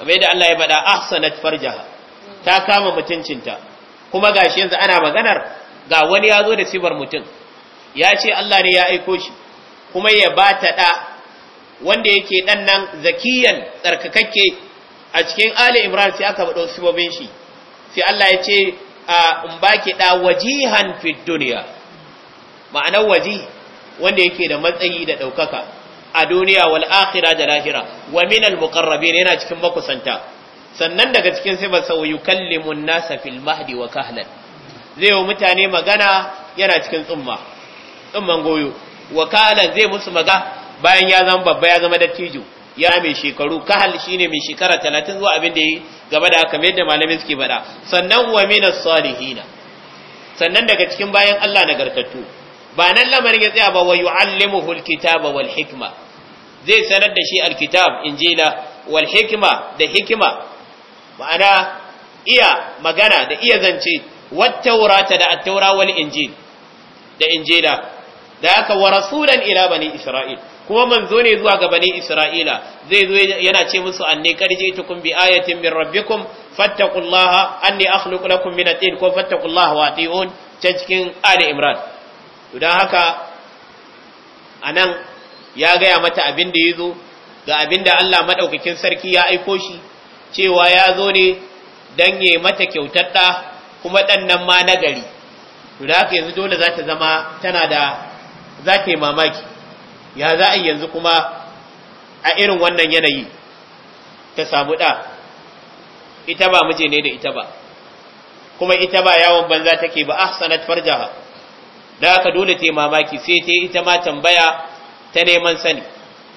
kamar yadda Allah ya faɗa ahsanat farjaha ta kama mutuncinta kuma gashi yanzu ana maganar ga wani ya zo da sifar mutum ya ce Allah ne ya aiko shi kuma ya ba ta ɗa wanda yake ɗan nan zakiyan tsarkakakke a cikin Ali Imran sai aka bado sibobin shi sai Allah ya ce in baki ɗa wajihan fid dunya ma'anar waji wanda yake da matsayi da ɗaukaka a duniya wal akhirah da lahira wa min al muqarrabin yana cikin makusanta sannan daga cikin sifar sa yukallimun nasa fil mahdi wa kahlan zai wa mutane magana yana cikin tsumma tsumman goyo wa kahlan zai musu maga bayan ya zama babba ya zama dattijo ya mai shekaru kahal shine mai shekara 30 zuwa abin da yi gaba da aka da malamai suke faɗa sannan wa minas salihina sannan daga cikin bayan Allah nagartattu ba nan lamarin ya tsaya ba wa yu'allimuhu alkitaba wal hikma zai sanar da shi alkitab injila wal hikma da hikima ma'ana iya magana da iya zance wat taurata da at-taura wal injil da injila da aka wa rasulan ila bani isra'il kuma manzo ne zuwa ga bani Isra'ila zai zo yana ce musu anni qarjitukum bi ayatin min rabbikum fattaqullaha anni akhluqu lakum min at-tin ko fattaqullaha wa ati'un ta cikin Ali Imran to dan haka anan ya gaya mata abin da yazo ga abin da Allah madaukakin sarki ya aiko shi cewa ya zo ne dan ya mata kyautar da kuma dan nan ma nagari to da haka yanzu dole za ta zama tana da za ta yi mamaki ya za a yanzu kuma a irin wannan yanayi ta samu ɗa ita ba muje ne da ita ba kuma ita ba yawon banza take ba ah ahsanat farja da aka dole ta mamaki sai ta ita ma tambaya ta neman sani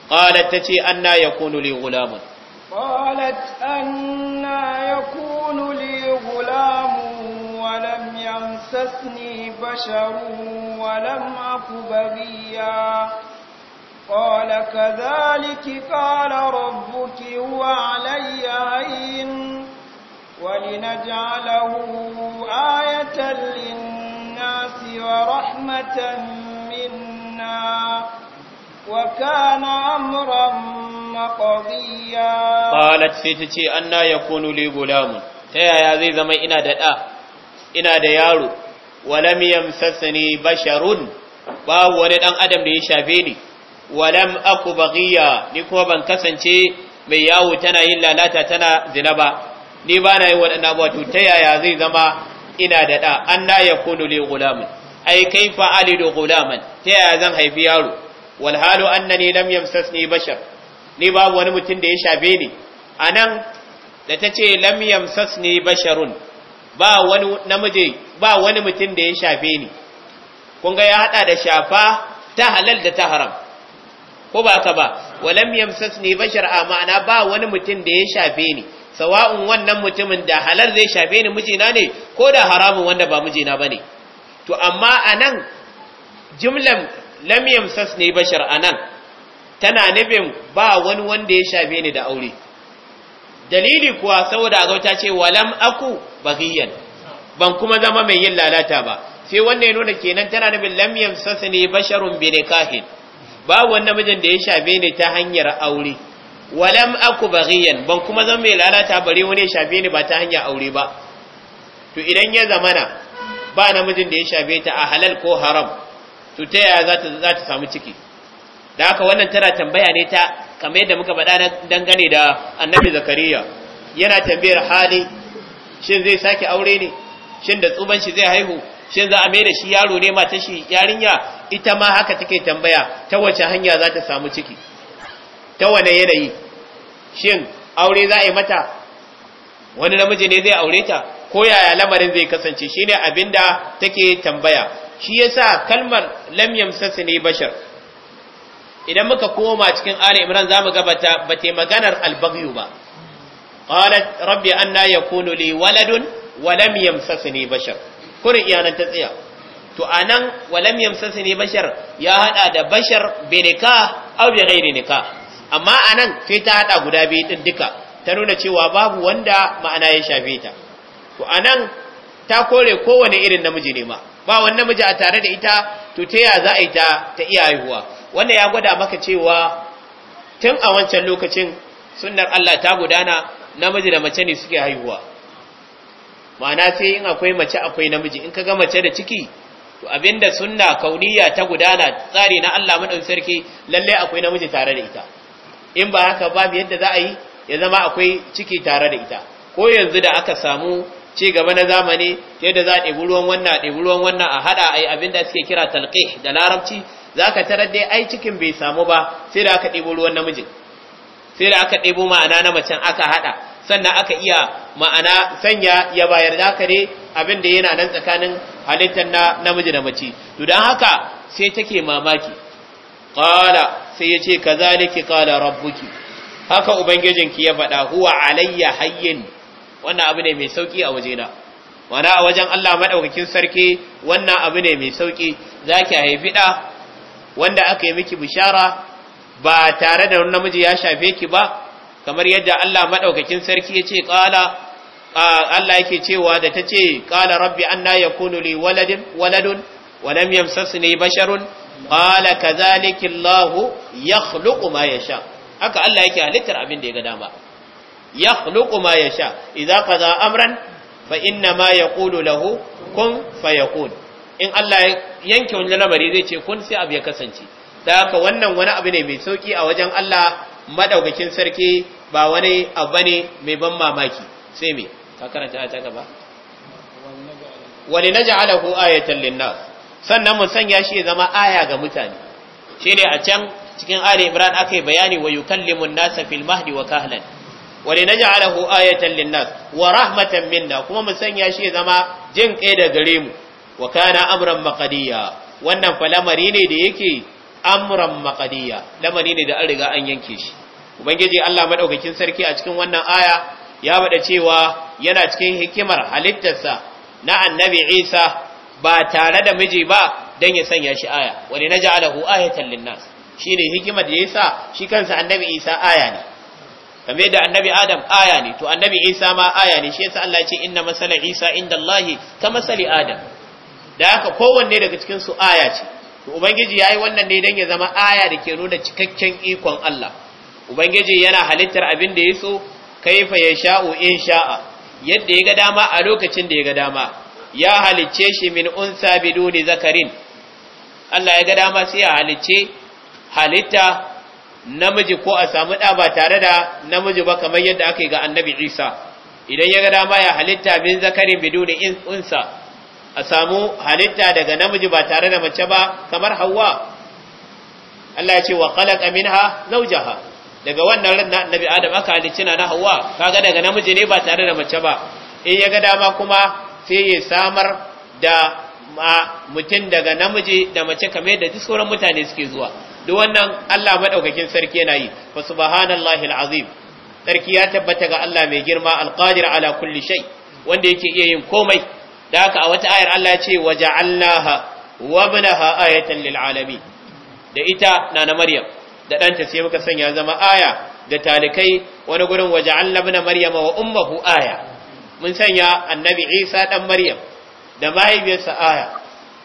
qalat tace anna yakunu li gulamun qalat anna yakunu li gulamun wa lam yamsasni basharun wa lam aku قال كذلك قال ربك هو علي عين ولنجعله آية للناس ورحمة منا وكان أمرا مقضيا قالت ستتي أنا يكون لي غلام تيا يا زي زمان إنا دتا إنا ديارو ولم يمسسني بشر babu ولد أن أدم da ya walam aku baghiya ni kuma ban kasance mai yawo tana yin lalata tana zina ba ni ba na yi waɗannan wato ta yaya zai zama ina da ɗa an na ya kunu li gulamin ai kai fa Ali da gulamin ta yaya zan haifi yaro walhalu annani lam yamsasni bashar ni babu wani mutum da ya shafe ni anan da ta ce lam yamsasni basharun ba wani namiji ba wani mutum da ya shafe ni kun ga ya haɗa da shafa ta halal da ta haram ko ba ka ba walam yamsasni bashar a ma'ana ba wani mutum da ya shafe ni sawa'un wannan mutumin da halar zai shafe ni mijina ne ko da haramun wanda ba mijina bane to amma anan jumlan lam yamsasni bashar anan tana nufin ba wani wanda ya shafe ni da aure dalili kuwa saboda a gauta ce walam aku baghiyan ban kuma zama mai yin lalata ba sai wannan ya nuna kenan tana nufin lam yamsasni basharun bi nikahin babu wani namijin da ya shafe ni ta hanyar aure walam aku baghiyan ban kuma zan mai lalata bare wani ya shafe ni ba ta hanyar aure ba to idan ya zamana ba namijin da ya shafe ta a halal ko haram to ta yaya za ta samu ciki da haka wannan tana tambaya ne ta kamar yadda muka faɗa dangane da annabi zakariya yana tambayar hali shin zai sake aure ne shin da tsuban shi zai haihu shin za a mai da shi yaro ne mata shi yarinya ita ma haka take tambaya ta wace hanya za ta samu ciki ta wane yanayi shin aure za a yi mata wani namiji ne zai aure ta ko yaya lamarin zai kasance shine abinda take tambaya shi yasa kalmar lam yamsasu ne bashar idan muka koma cikin ali imran zamu ga bata bate maganar albaghyu ba qalat rabbi anna yakunu li waladun wa lam yamsasni bashar kurin iyanan ta tsaya to anan walam yamsasa ne bashar ya hada da bashar bi au aw bi ghairi nika amma anan sai ta hada guda biyu din duka ta nuna cewa babu wanda ma'ana ya shafe ta to anan ta kore kowane irin namiji ne ma ba wani namiji a tare da ita to ta ya za a yi ta ta iya haihuwa wanda ya gwada maka cewa tun a wancan lokacin sunnar Allah ta gudana namiji da mace ne suke haihuwa ma'ana sai in akwai mace akwai namiji in ka ga mace da ciki to abinda sunna kauniya ta gudana tsari na Allah madan sarki lalle akwai namiji tare da ita in ba haka babu yadda za a yi ya zama akwai ciki tare da ita ko yanzu da aka samu ci gaba na zamani yadda za a ɗebi ruwan wannan a ɗebi ruwan wannan a haɗa a yi abin suke kira talƙi da larabci za ka tarar dai ai cikin bai samu ba sai da aka ɗebo ruwan namijin sai da aka ɗebo ma'ana na macen aka haɗa sannan aka iya ma'ana sanya ya bayar da haka ne abin da yana nan tsakanin halittar na namiji da mace to dan haka sai take mamaki qala sai yace kazalika qala rabbuki haka ubangijinki ya faɗa huwa alayya hayyin wannan abu ne mai sauki a wajena wana a wajen Allah madaukakin sarki wannan abu ne mai sauki zaki haifi da wanda aka yi miki bishara ba tare da namiji ya shafe ki ba kamar yadda Allah maɗaukakin sarki yace ƙala, Allah yake cewa da tace ƙala, rabbi anna yakunu li waladin waladun wa lam yamsasni basharun qala kadhalika Allah yakhluqu ma haka Allah yake halittar abin da ya ga dama yakhluqu ma yasha idza qada amran fa inna ma yaqulu lahu kun fayakun in Allah yanke wani lamari zai ce kun sai abu ya kasance da haka wannan wani abu ne mai sauki a wajen Allah madaukakin sarki ba wani abu ne mai ban mamaki sai me ka karanta a ta gaba wani naj'alahu ayatan linnas sannan mun sanya shi ya zama aya ga mutane Shi ne a can cikin ali aka akai bayani wa yukallimun an-nasa fil mahdi wa kahlan wani naj'alahu ayatan linnas wa rahmatan minna kuma mun sanya shi ya zama jin kai da gare mu wa kana amran maqadiya wannan falamari ne da yake amran maqadiya lamari ne da an riga an yanke shi ubangiji Allah madaukakin sarki a cikin wannan aya ya bada cewa yana cikin hikimar halittarsa na annabi Isa ba tare da miji ba dan ya sanya shi aya wani naj'alahu ayatan linnas shine hikimar da yasa shi kansa annabi Isa aya ne kamar da annabi Adam aya ne to annabi Isa ma aya ne shi yasa Allah ya ce inna masala Isa inda Allah ka masali Adam da haka kowanne daga cikin su aya ce to ubangiji yayi wannan ne dan ya zama aya da ke nuna cikakken ikon Allah ubangiji yana halittar abin da yaso kaifa yasha'u in sha'a yadda ya ga dama a lokacin da ya ga dama ya halicce shi min unsa biduni zakarin Allah ya ga dama sai ya halicce halitta namiji ko a samu ɗa ba tare da namiji ba kamar yadda aka yi ga annabi isa idan ya ga dama ya halitta min zakarin biduni unsa a samu halitta daga namiji ba tare da mace ba kamar hawa Allah ya ce wa khalaqa minha zawjaha daga wannan ran annabi adam aka halicci na hawa kaga daga namiji ne ba tare da mace ba in ya ga dama kuma sai ya samar da mutum daga namiji da mace kamar da duk sauran mutane suke zuwa duk wannan Allah madaukakin sarki yana yi fa subhanallahi alazim sarki ya tabbata ga Allah mai girma alqadir ala kulli shay wanda yake iya yin komai da haka a wata ayar Allah ce waje allah wa ibnaha ayatan lil alamin da ita na na Maryam da ɗanta sai muka sanya zama aya da talikai wani gurin waje allah na Maryam wa ummuhu aya mun sanya annabi Isa dan Maryam da mahaifiyarsa aya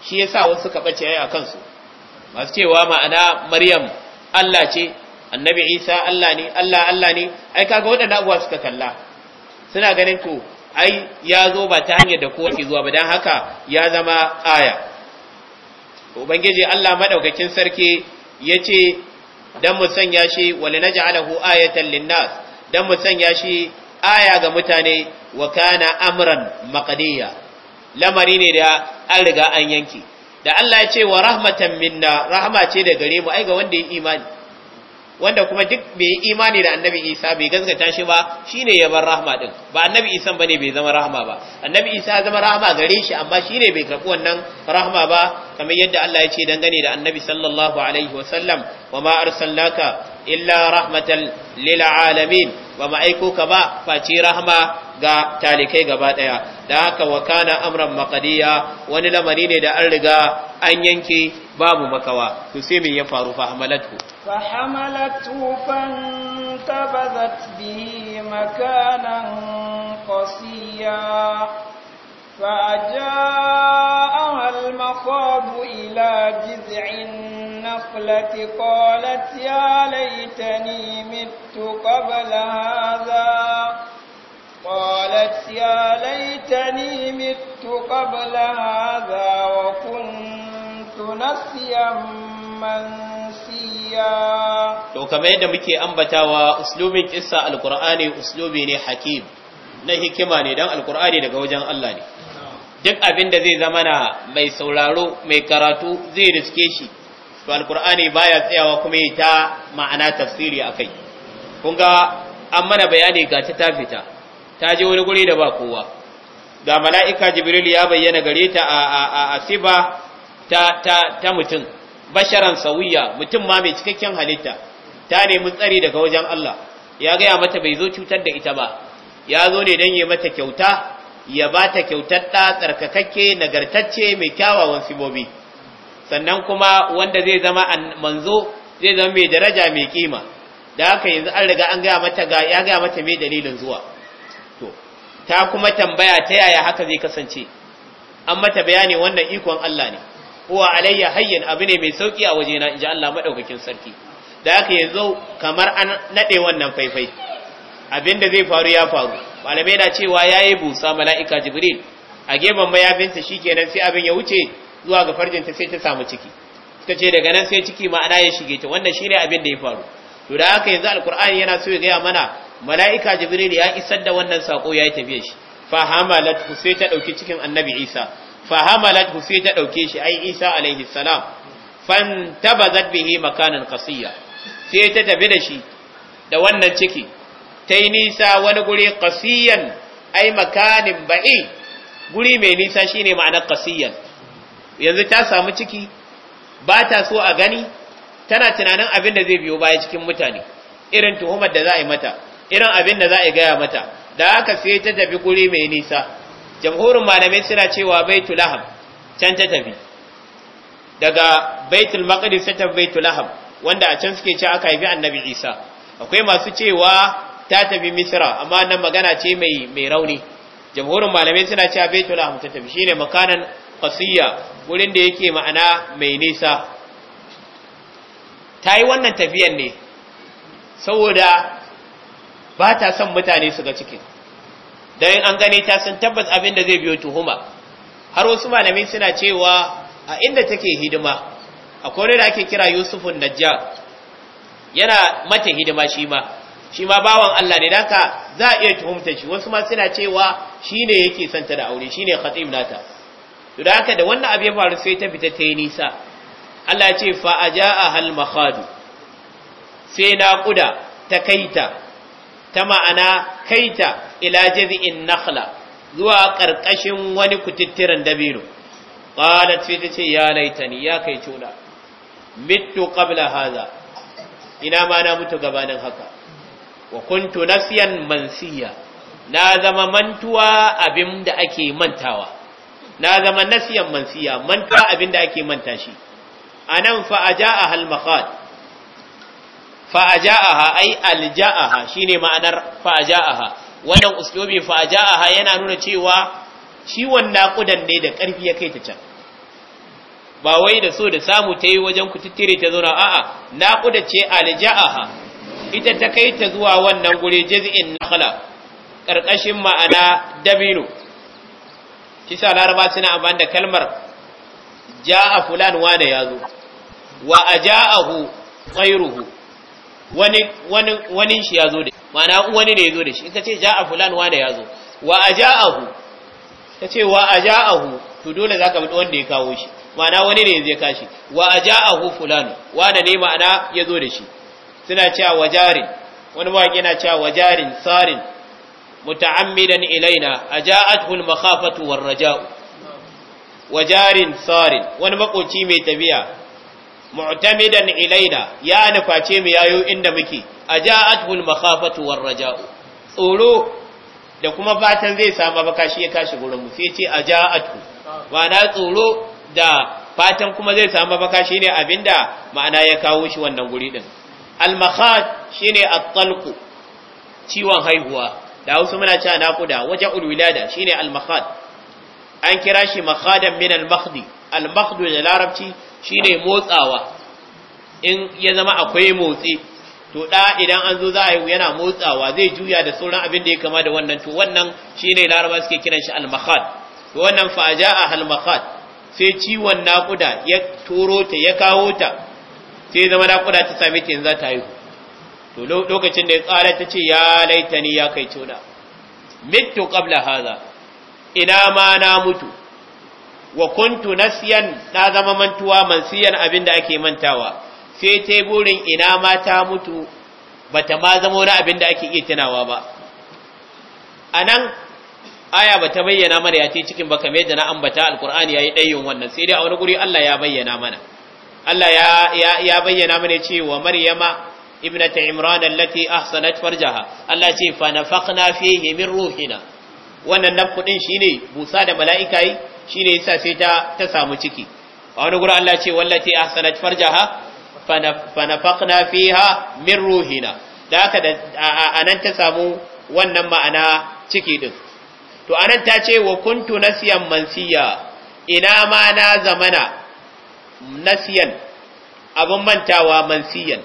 shi yasa wasu suka bace ai akan su masu cewa ma'ana Maryam Allah ce annabi Isa Allah ne Allah Allah ne ai kaga waɗannan abuwa suka kalla suna ganin ku. ai ya zo ba ta hanyar da kowace zuwa ba don haka ya zama aya ubangiji Allah madaukakin sarki ya ce don mu sanya shi wani na ja'alahu ayatan linnas don mu sanya shi aya ga mutane wa kana amran maqdiya lamari ne da an riga an yanke. da Allah ya ce wa rahmatan minna rahma ce da gare mu ai ga wanda ya imani wanda kuma duk bai yi imani da annabi isa bai gaskata shi ba shine ya bar rahma din ba annabi isa bane bai zama rahma ba annabi isa zama rahma gare shi amma shine bai karɓi wannan rahma ba kamar yadda Allah ya ce dangane da annabi sallallahu alaihi sallam wa ma arsalnaka illa rahmatan lil alamin ba mu aiko ka ba face Rahma ga talikai gaba daya da haka wa kana amran maqadiya wani lamari ne da an riga an yanke babu makawa to sai me ya faru fa hamalatu fa hamalatu tabadat bi makanan qasiya al المخاض ila jiz'in النخلة قالت يا ليتني مت قبل هذا قالت يا ليتني مت قبل هذا وكنت نسيا منسيا to kamar yadda muke ambatawa uslubin kissa alqur'ani uslubi ne hakim na hikima ne dan alqur'ani daga wajen Allah ne duk abin da zai zama na mai sauraro mai karatu zai riske shi to alkur'ani baya tsayawa kuma ya ta ma'ana tafsiri akai kun ga an mana bayani ga ta ta fita ta je wani guri da ba kowa ga mala'ika jibril ya bayyana gare ta a Asiba ta ta ta mutum basharan sawiya mutum ma mai cikakken halitta ta nemi tsari daga wajen Allah ya gaya mata bai zo cutar da ita ba ya zo ne don yi mata kyauta ya ba ta kyautar ɗa tsarkakakke nagartacce mai kyawawan sibobi sannan kuma wanda zai zama manzo zai zama mai daraja mai kima da haka yanzu an riga an gaya mata ga ya gaya mata mai dalilin zuwa to ta kuma tambaya ta yaya haka zai kasance an mata bayani wannan ikon Allah ne huwa alayya hayyin abu ne mai sauki a waje na inji Allah madaukakin sarki da haka yanzu kamar an nade wannan faifai abinda zai faru ya faru malamai na cewa yayi busa mala'ika jibril a gefen mayafinta shikenan sai abin ya wuce zuwa ga farjinta sai ta samu ciki suka ce daga nan sai ciki ma'ana ya shige ta wannan shine abin da ya faru to da haka yanzu alkur'ani yana so ya gaya mana mala'ika jibril ya isar da wannan sako ya yi tafiye shi fa hamalat sai ta dauki cikin annabi isa fa hamalat sai ta dauke shi ai isa alaihi salam fan tabazat bihi makanan qasiya sai ta tafi da shi da wannan ciki ta nisa wani guri qasiyan ai makanin ba'i guri mai nisa shine ma'anar qasiyan yanzu ta samu ciki ba ta so a gani tana tunanin abin da zai biyo baya cikin mutane irin tuhumar da za a yi mata irin abin da za a gaya mata da aka sai ta tafi guri mai nisa jamhurin malamai suna cewa baitul laham can ta tafi daga baitul maqdis ta baitul laham wanda a can suke ci aka haifi annabi isa akwai masu cewa ta tafi misra amma nan magana ce mai mai rauni jamhurin malamai suna cewa baitul laham ta tafi shine makanan qasiyya wurin da yake ma'ana mai nisa ta yi wannan tafiyan ne saboda ba ta son mutane su ga cikin don an gane ta sun tabbas abin da zai biyo tuhuma har wasu malami suna cewa a inda take hidima akwai da ake kira yusufun najjar yana mata hidima shi ma shi ma bawan Allah ne daka za a iya tuhumta shi wasu ma suna cewa shine yake santa da aure shine khatib nata to da haka da wannan abu ya faru sai ta fita ta yi nisa Allah ce fa ja a makhadu sai naƙuda ta kaita ta ma'ana kaita ila jazi'in nakhla zuwa ƙarƙashin wani kututturen dabino qalat sai ta ce ya laitani ya kai cuna mitu qabla ina ma na mutu gabanin haka wa kuntu nasiyan mansiya na zama mantuwa abin da ake mantawa na zama nasiyan mansiya manta abin da ake manta shi anan fa ajaa hal maqat fa ai aljaaha shine ma'anar fa wannan uslubi fa yana nuna cewa ciwon naƙudan ne da ƙarfi ya kai ta can ba wai da so da samu ta yi wajen kututtire ta zauna a'a naƙuda ce aljaaha ita ta kai ta zuwa wannan gure jaz'in nakhla ƙarƙashin ma'ana dabino kisa laraba suna amfani da kalmar ja a fulan wane ya zo wa a a hu wani wani wani shi ya zo da ma'ana wani ne ya zo da shi in ja a fulan wane ya zo wa a a ja hu ta ce wa a a ja hu to dole za ka bi wanda ya kawo shi ma'ana wani ne zai kashi wa a a ja hu fulan wane ne ma'ana ya zo da shi suna cewa wajarin wani waƙi yana cewa wajarin tsarin. متعمدا إلينا أجاءته المخافة والرجاء وجار صار ونمقوتي مي تبيع معتمدا إلينا يا نفاتي مي يايو إن مكي أجاءته المخافة والرجاء tsoro da kuma fatan zai samu bakashi ya kashi gurin mu sai ce aja'atu ma'ana tsoro da fatan kuma zai samu bakashi ne abinda ma'ana ya kawo shi wannan guri din al-makhat shine at-talqu ciwon haihuwa da wasu muna cewa naƙuda wajen ulwilada shine al-makhad an kira shi makhadan min al-makhdi al-makhdu da larabci shine motsawa in ya zama akwai motsi to da idan an zo za a yi yana motsawa zai juya da sauran abin da ya kama da wannan to wannan shine laraba suke kiran shi al-makhad to wannan fa jaa al-makhad sai ciwon naƙuda ya toro ta ya kawo ta sai zama naƙuda ta same ta yanzu za ta haihu to lokacin da ya tsara ta ce ya laitani ya kai tona mitu qabla hadha ina ma na mutu wa kuntu nasiyan da zama mantuwa mansiyan abinda ake mantawa sai teburin burin ina ma ta mutu bata ma zama wani da ake iya tunawa ba anan aya bata bayyana mana ya ce cikin ba kamar da na ambata alqur'ani yayi dayyun wannan sai dai a wani guri Allah ya bayyana mana Allah ya ya bayyana mana cewa Maryama ابنة عمران التي أحصنت فرجها الله فنفقنا فيه من روحنا wannan nafkudin shine busa da mala'ika yi shine yasa sai ta samu ciki a wani gurin Allah ce wallati ahsanat farjaha fanafaqna fiha min ruhina da haka da anan ta samu wannan ma'ana ciki din to anan ta ce wa kuntu nasiyan mansiya ina ma na zamana nasiyan abin mantawa mansiyan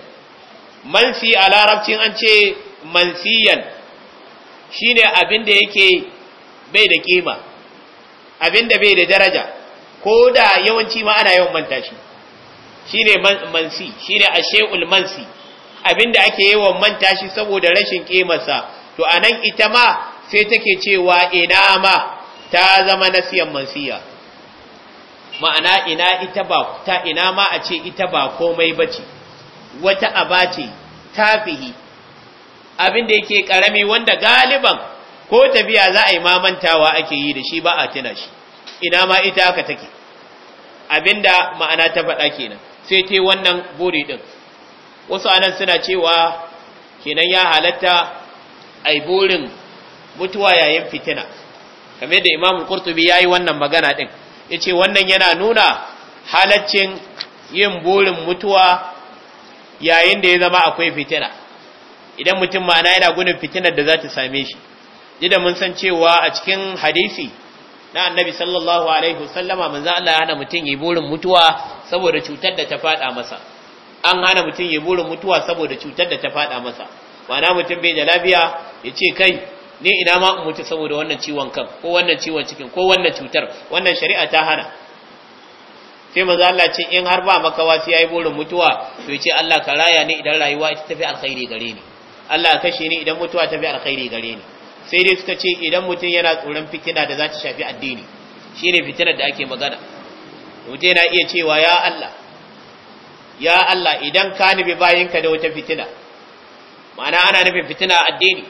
manfi a larabcin an ce manfiyan ne abin da yake bai da kima abin da bai da daraja ko da yawanci ma ana yawan manta shi shine mansi a she'ul mansi abin da ake yawan manta shi saboda rashin kimarsa to a nan ita ma sai take cewa ina ma ta zama nasiyan mansiya ma'ana ina ita ba ta ina ma a ce ita ba komai ba ce. wata abace tafihi abin da yake karami wanda galiban ko tafiya za a yi mamantawa ake yi da shi ba a tuna shi ina ma ita haka take abinda ma'ana ta faɗa kenan sai ta wannan buri ɗin wasu anan suna cewa kenan ya halatta ai burin mutuwa yayin fitina kame da imamun kurtubi ya yi wannan magana ɗin ya ce wannan yana nuna halaccin yin burin mutuwa yayin da ya zama akwai fitina idan mutum ma'ana yana gudun fitinar da za ta same shi jida mun san cewa a cikin hadisi na annabi sallallahu alaihi wasallama manzo Allah ya hana mutum yi burin mutuwa saboda cutar da ta fada masa an hana mutum yi burin mutuwa saboda cutar da ta fada masa ma'ana mutum bai da lafiya ya ce kai ne ina ma in mutu saboda wannan ciwon kan ko wannan ciwon cikin ko wannan cutar wannan shari'a ta hana sai maza Allah ce in har ba makawa sai yayi burin mutuwa to ce Allah ka raya ni idan rayuwa ita tafi alkhairi gare ni Allah kashe ni idan mutuwa tafi alkhairi gare ni sai dai suka ce idan mutum yana tsoron fitina da za ta shafi addini shine fitinar da ake magana mutum yana iya cewa ya Allah ya Allah idan ka nufi bayinka da wata fitina ma'ana ana nufin fitina addini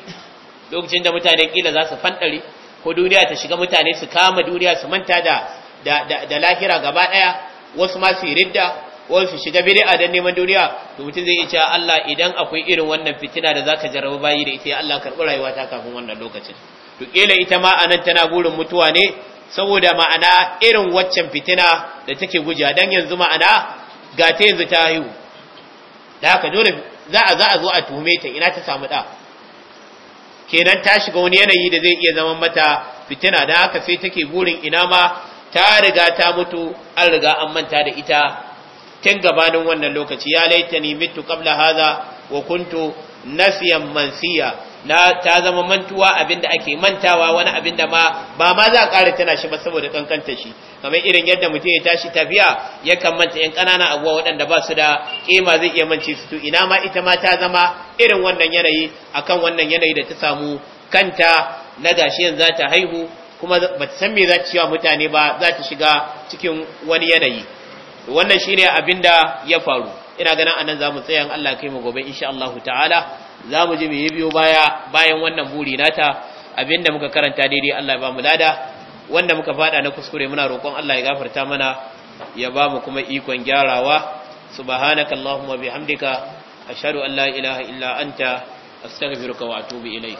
lokacin da mutane kila za su fandare ko duniya ta shiga mutane su kama duniya su manta da da, lahira gaba daya wasu ma su ridda wasu shiga bid'a dan neman duniya to mutum zai ce Allah idan akwai irin wannan fitina da zaka jarraba bayi da ita Allah karɓi rayuwa ta kafin wannan lokacin to kila ita ma anan tana gurin mutuwa ne saboda ma'ana irin waccan fitina da take guja dan yanzu ma'ana ga ta yanzu ta haihu da haka dole za a za a zo a tuhume ta ina ta samu da kenan ta shiga wani yanayi da zai iya zaman mata fitina da haka sai take burin ina ma ta riga ta mutu an riga an manta da ita tun gabanin wannan lokaci ya laitani mitu qabla hadha wa kuntu nasiyan mansiya na ta zama mantuwa abinda ake mantawa wani abinda ma ba ma za a ƙara tana shi ba saboda kankanta shi kamar irin yadda mutum ya tashi tafiya yakan manta yan ƙanana abuwa waɗanda ba su da ƙima zai iya mance su ina ma ita ma ta zama irin wannan yanayi akan wannan yanayi da ta samu kanta na gashi yanzu ta haihu kuma ba ta san me za ta cewa mutane ba za ta shiga cikin wani yanayi wannan shine abin da ya faru ina ganin anan za mu tsaya Allah kai mu gobe insha Allah ta'ala za mu ji mu yi biyo baya bayan wannan buri nata abin da muka karanta daidai Allah ya ba mu lada wanda muka fada na kuskure muna roƙon Allah ya gafarta mana ya ba mu kuma ikon gyarawa subhanakallahumma bihamdika ashhadu an la ilaha illa anta astaghfiruka wa atubu ilayk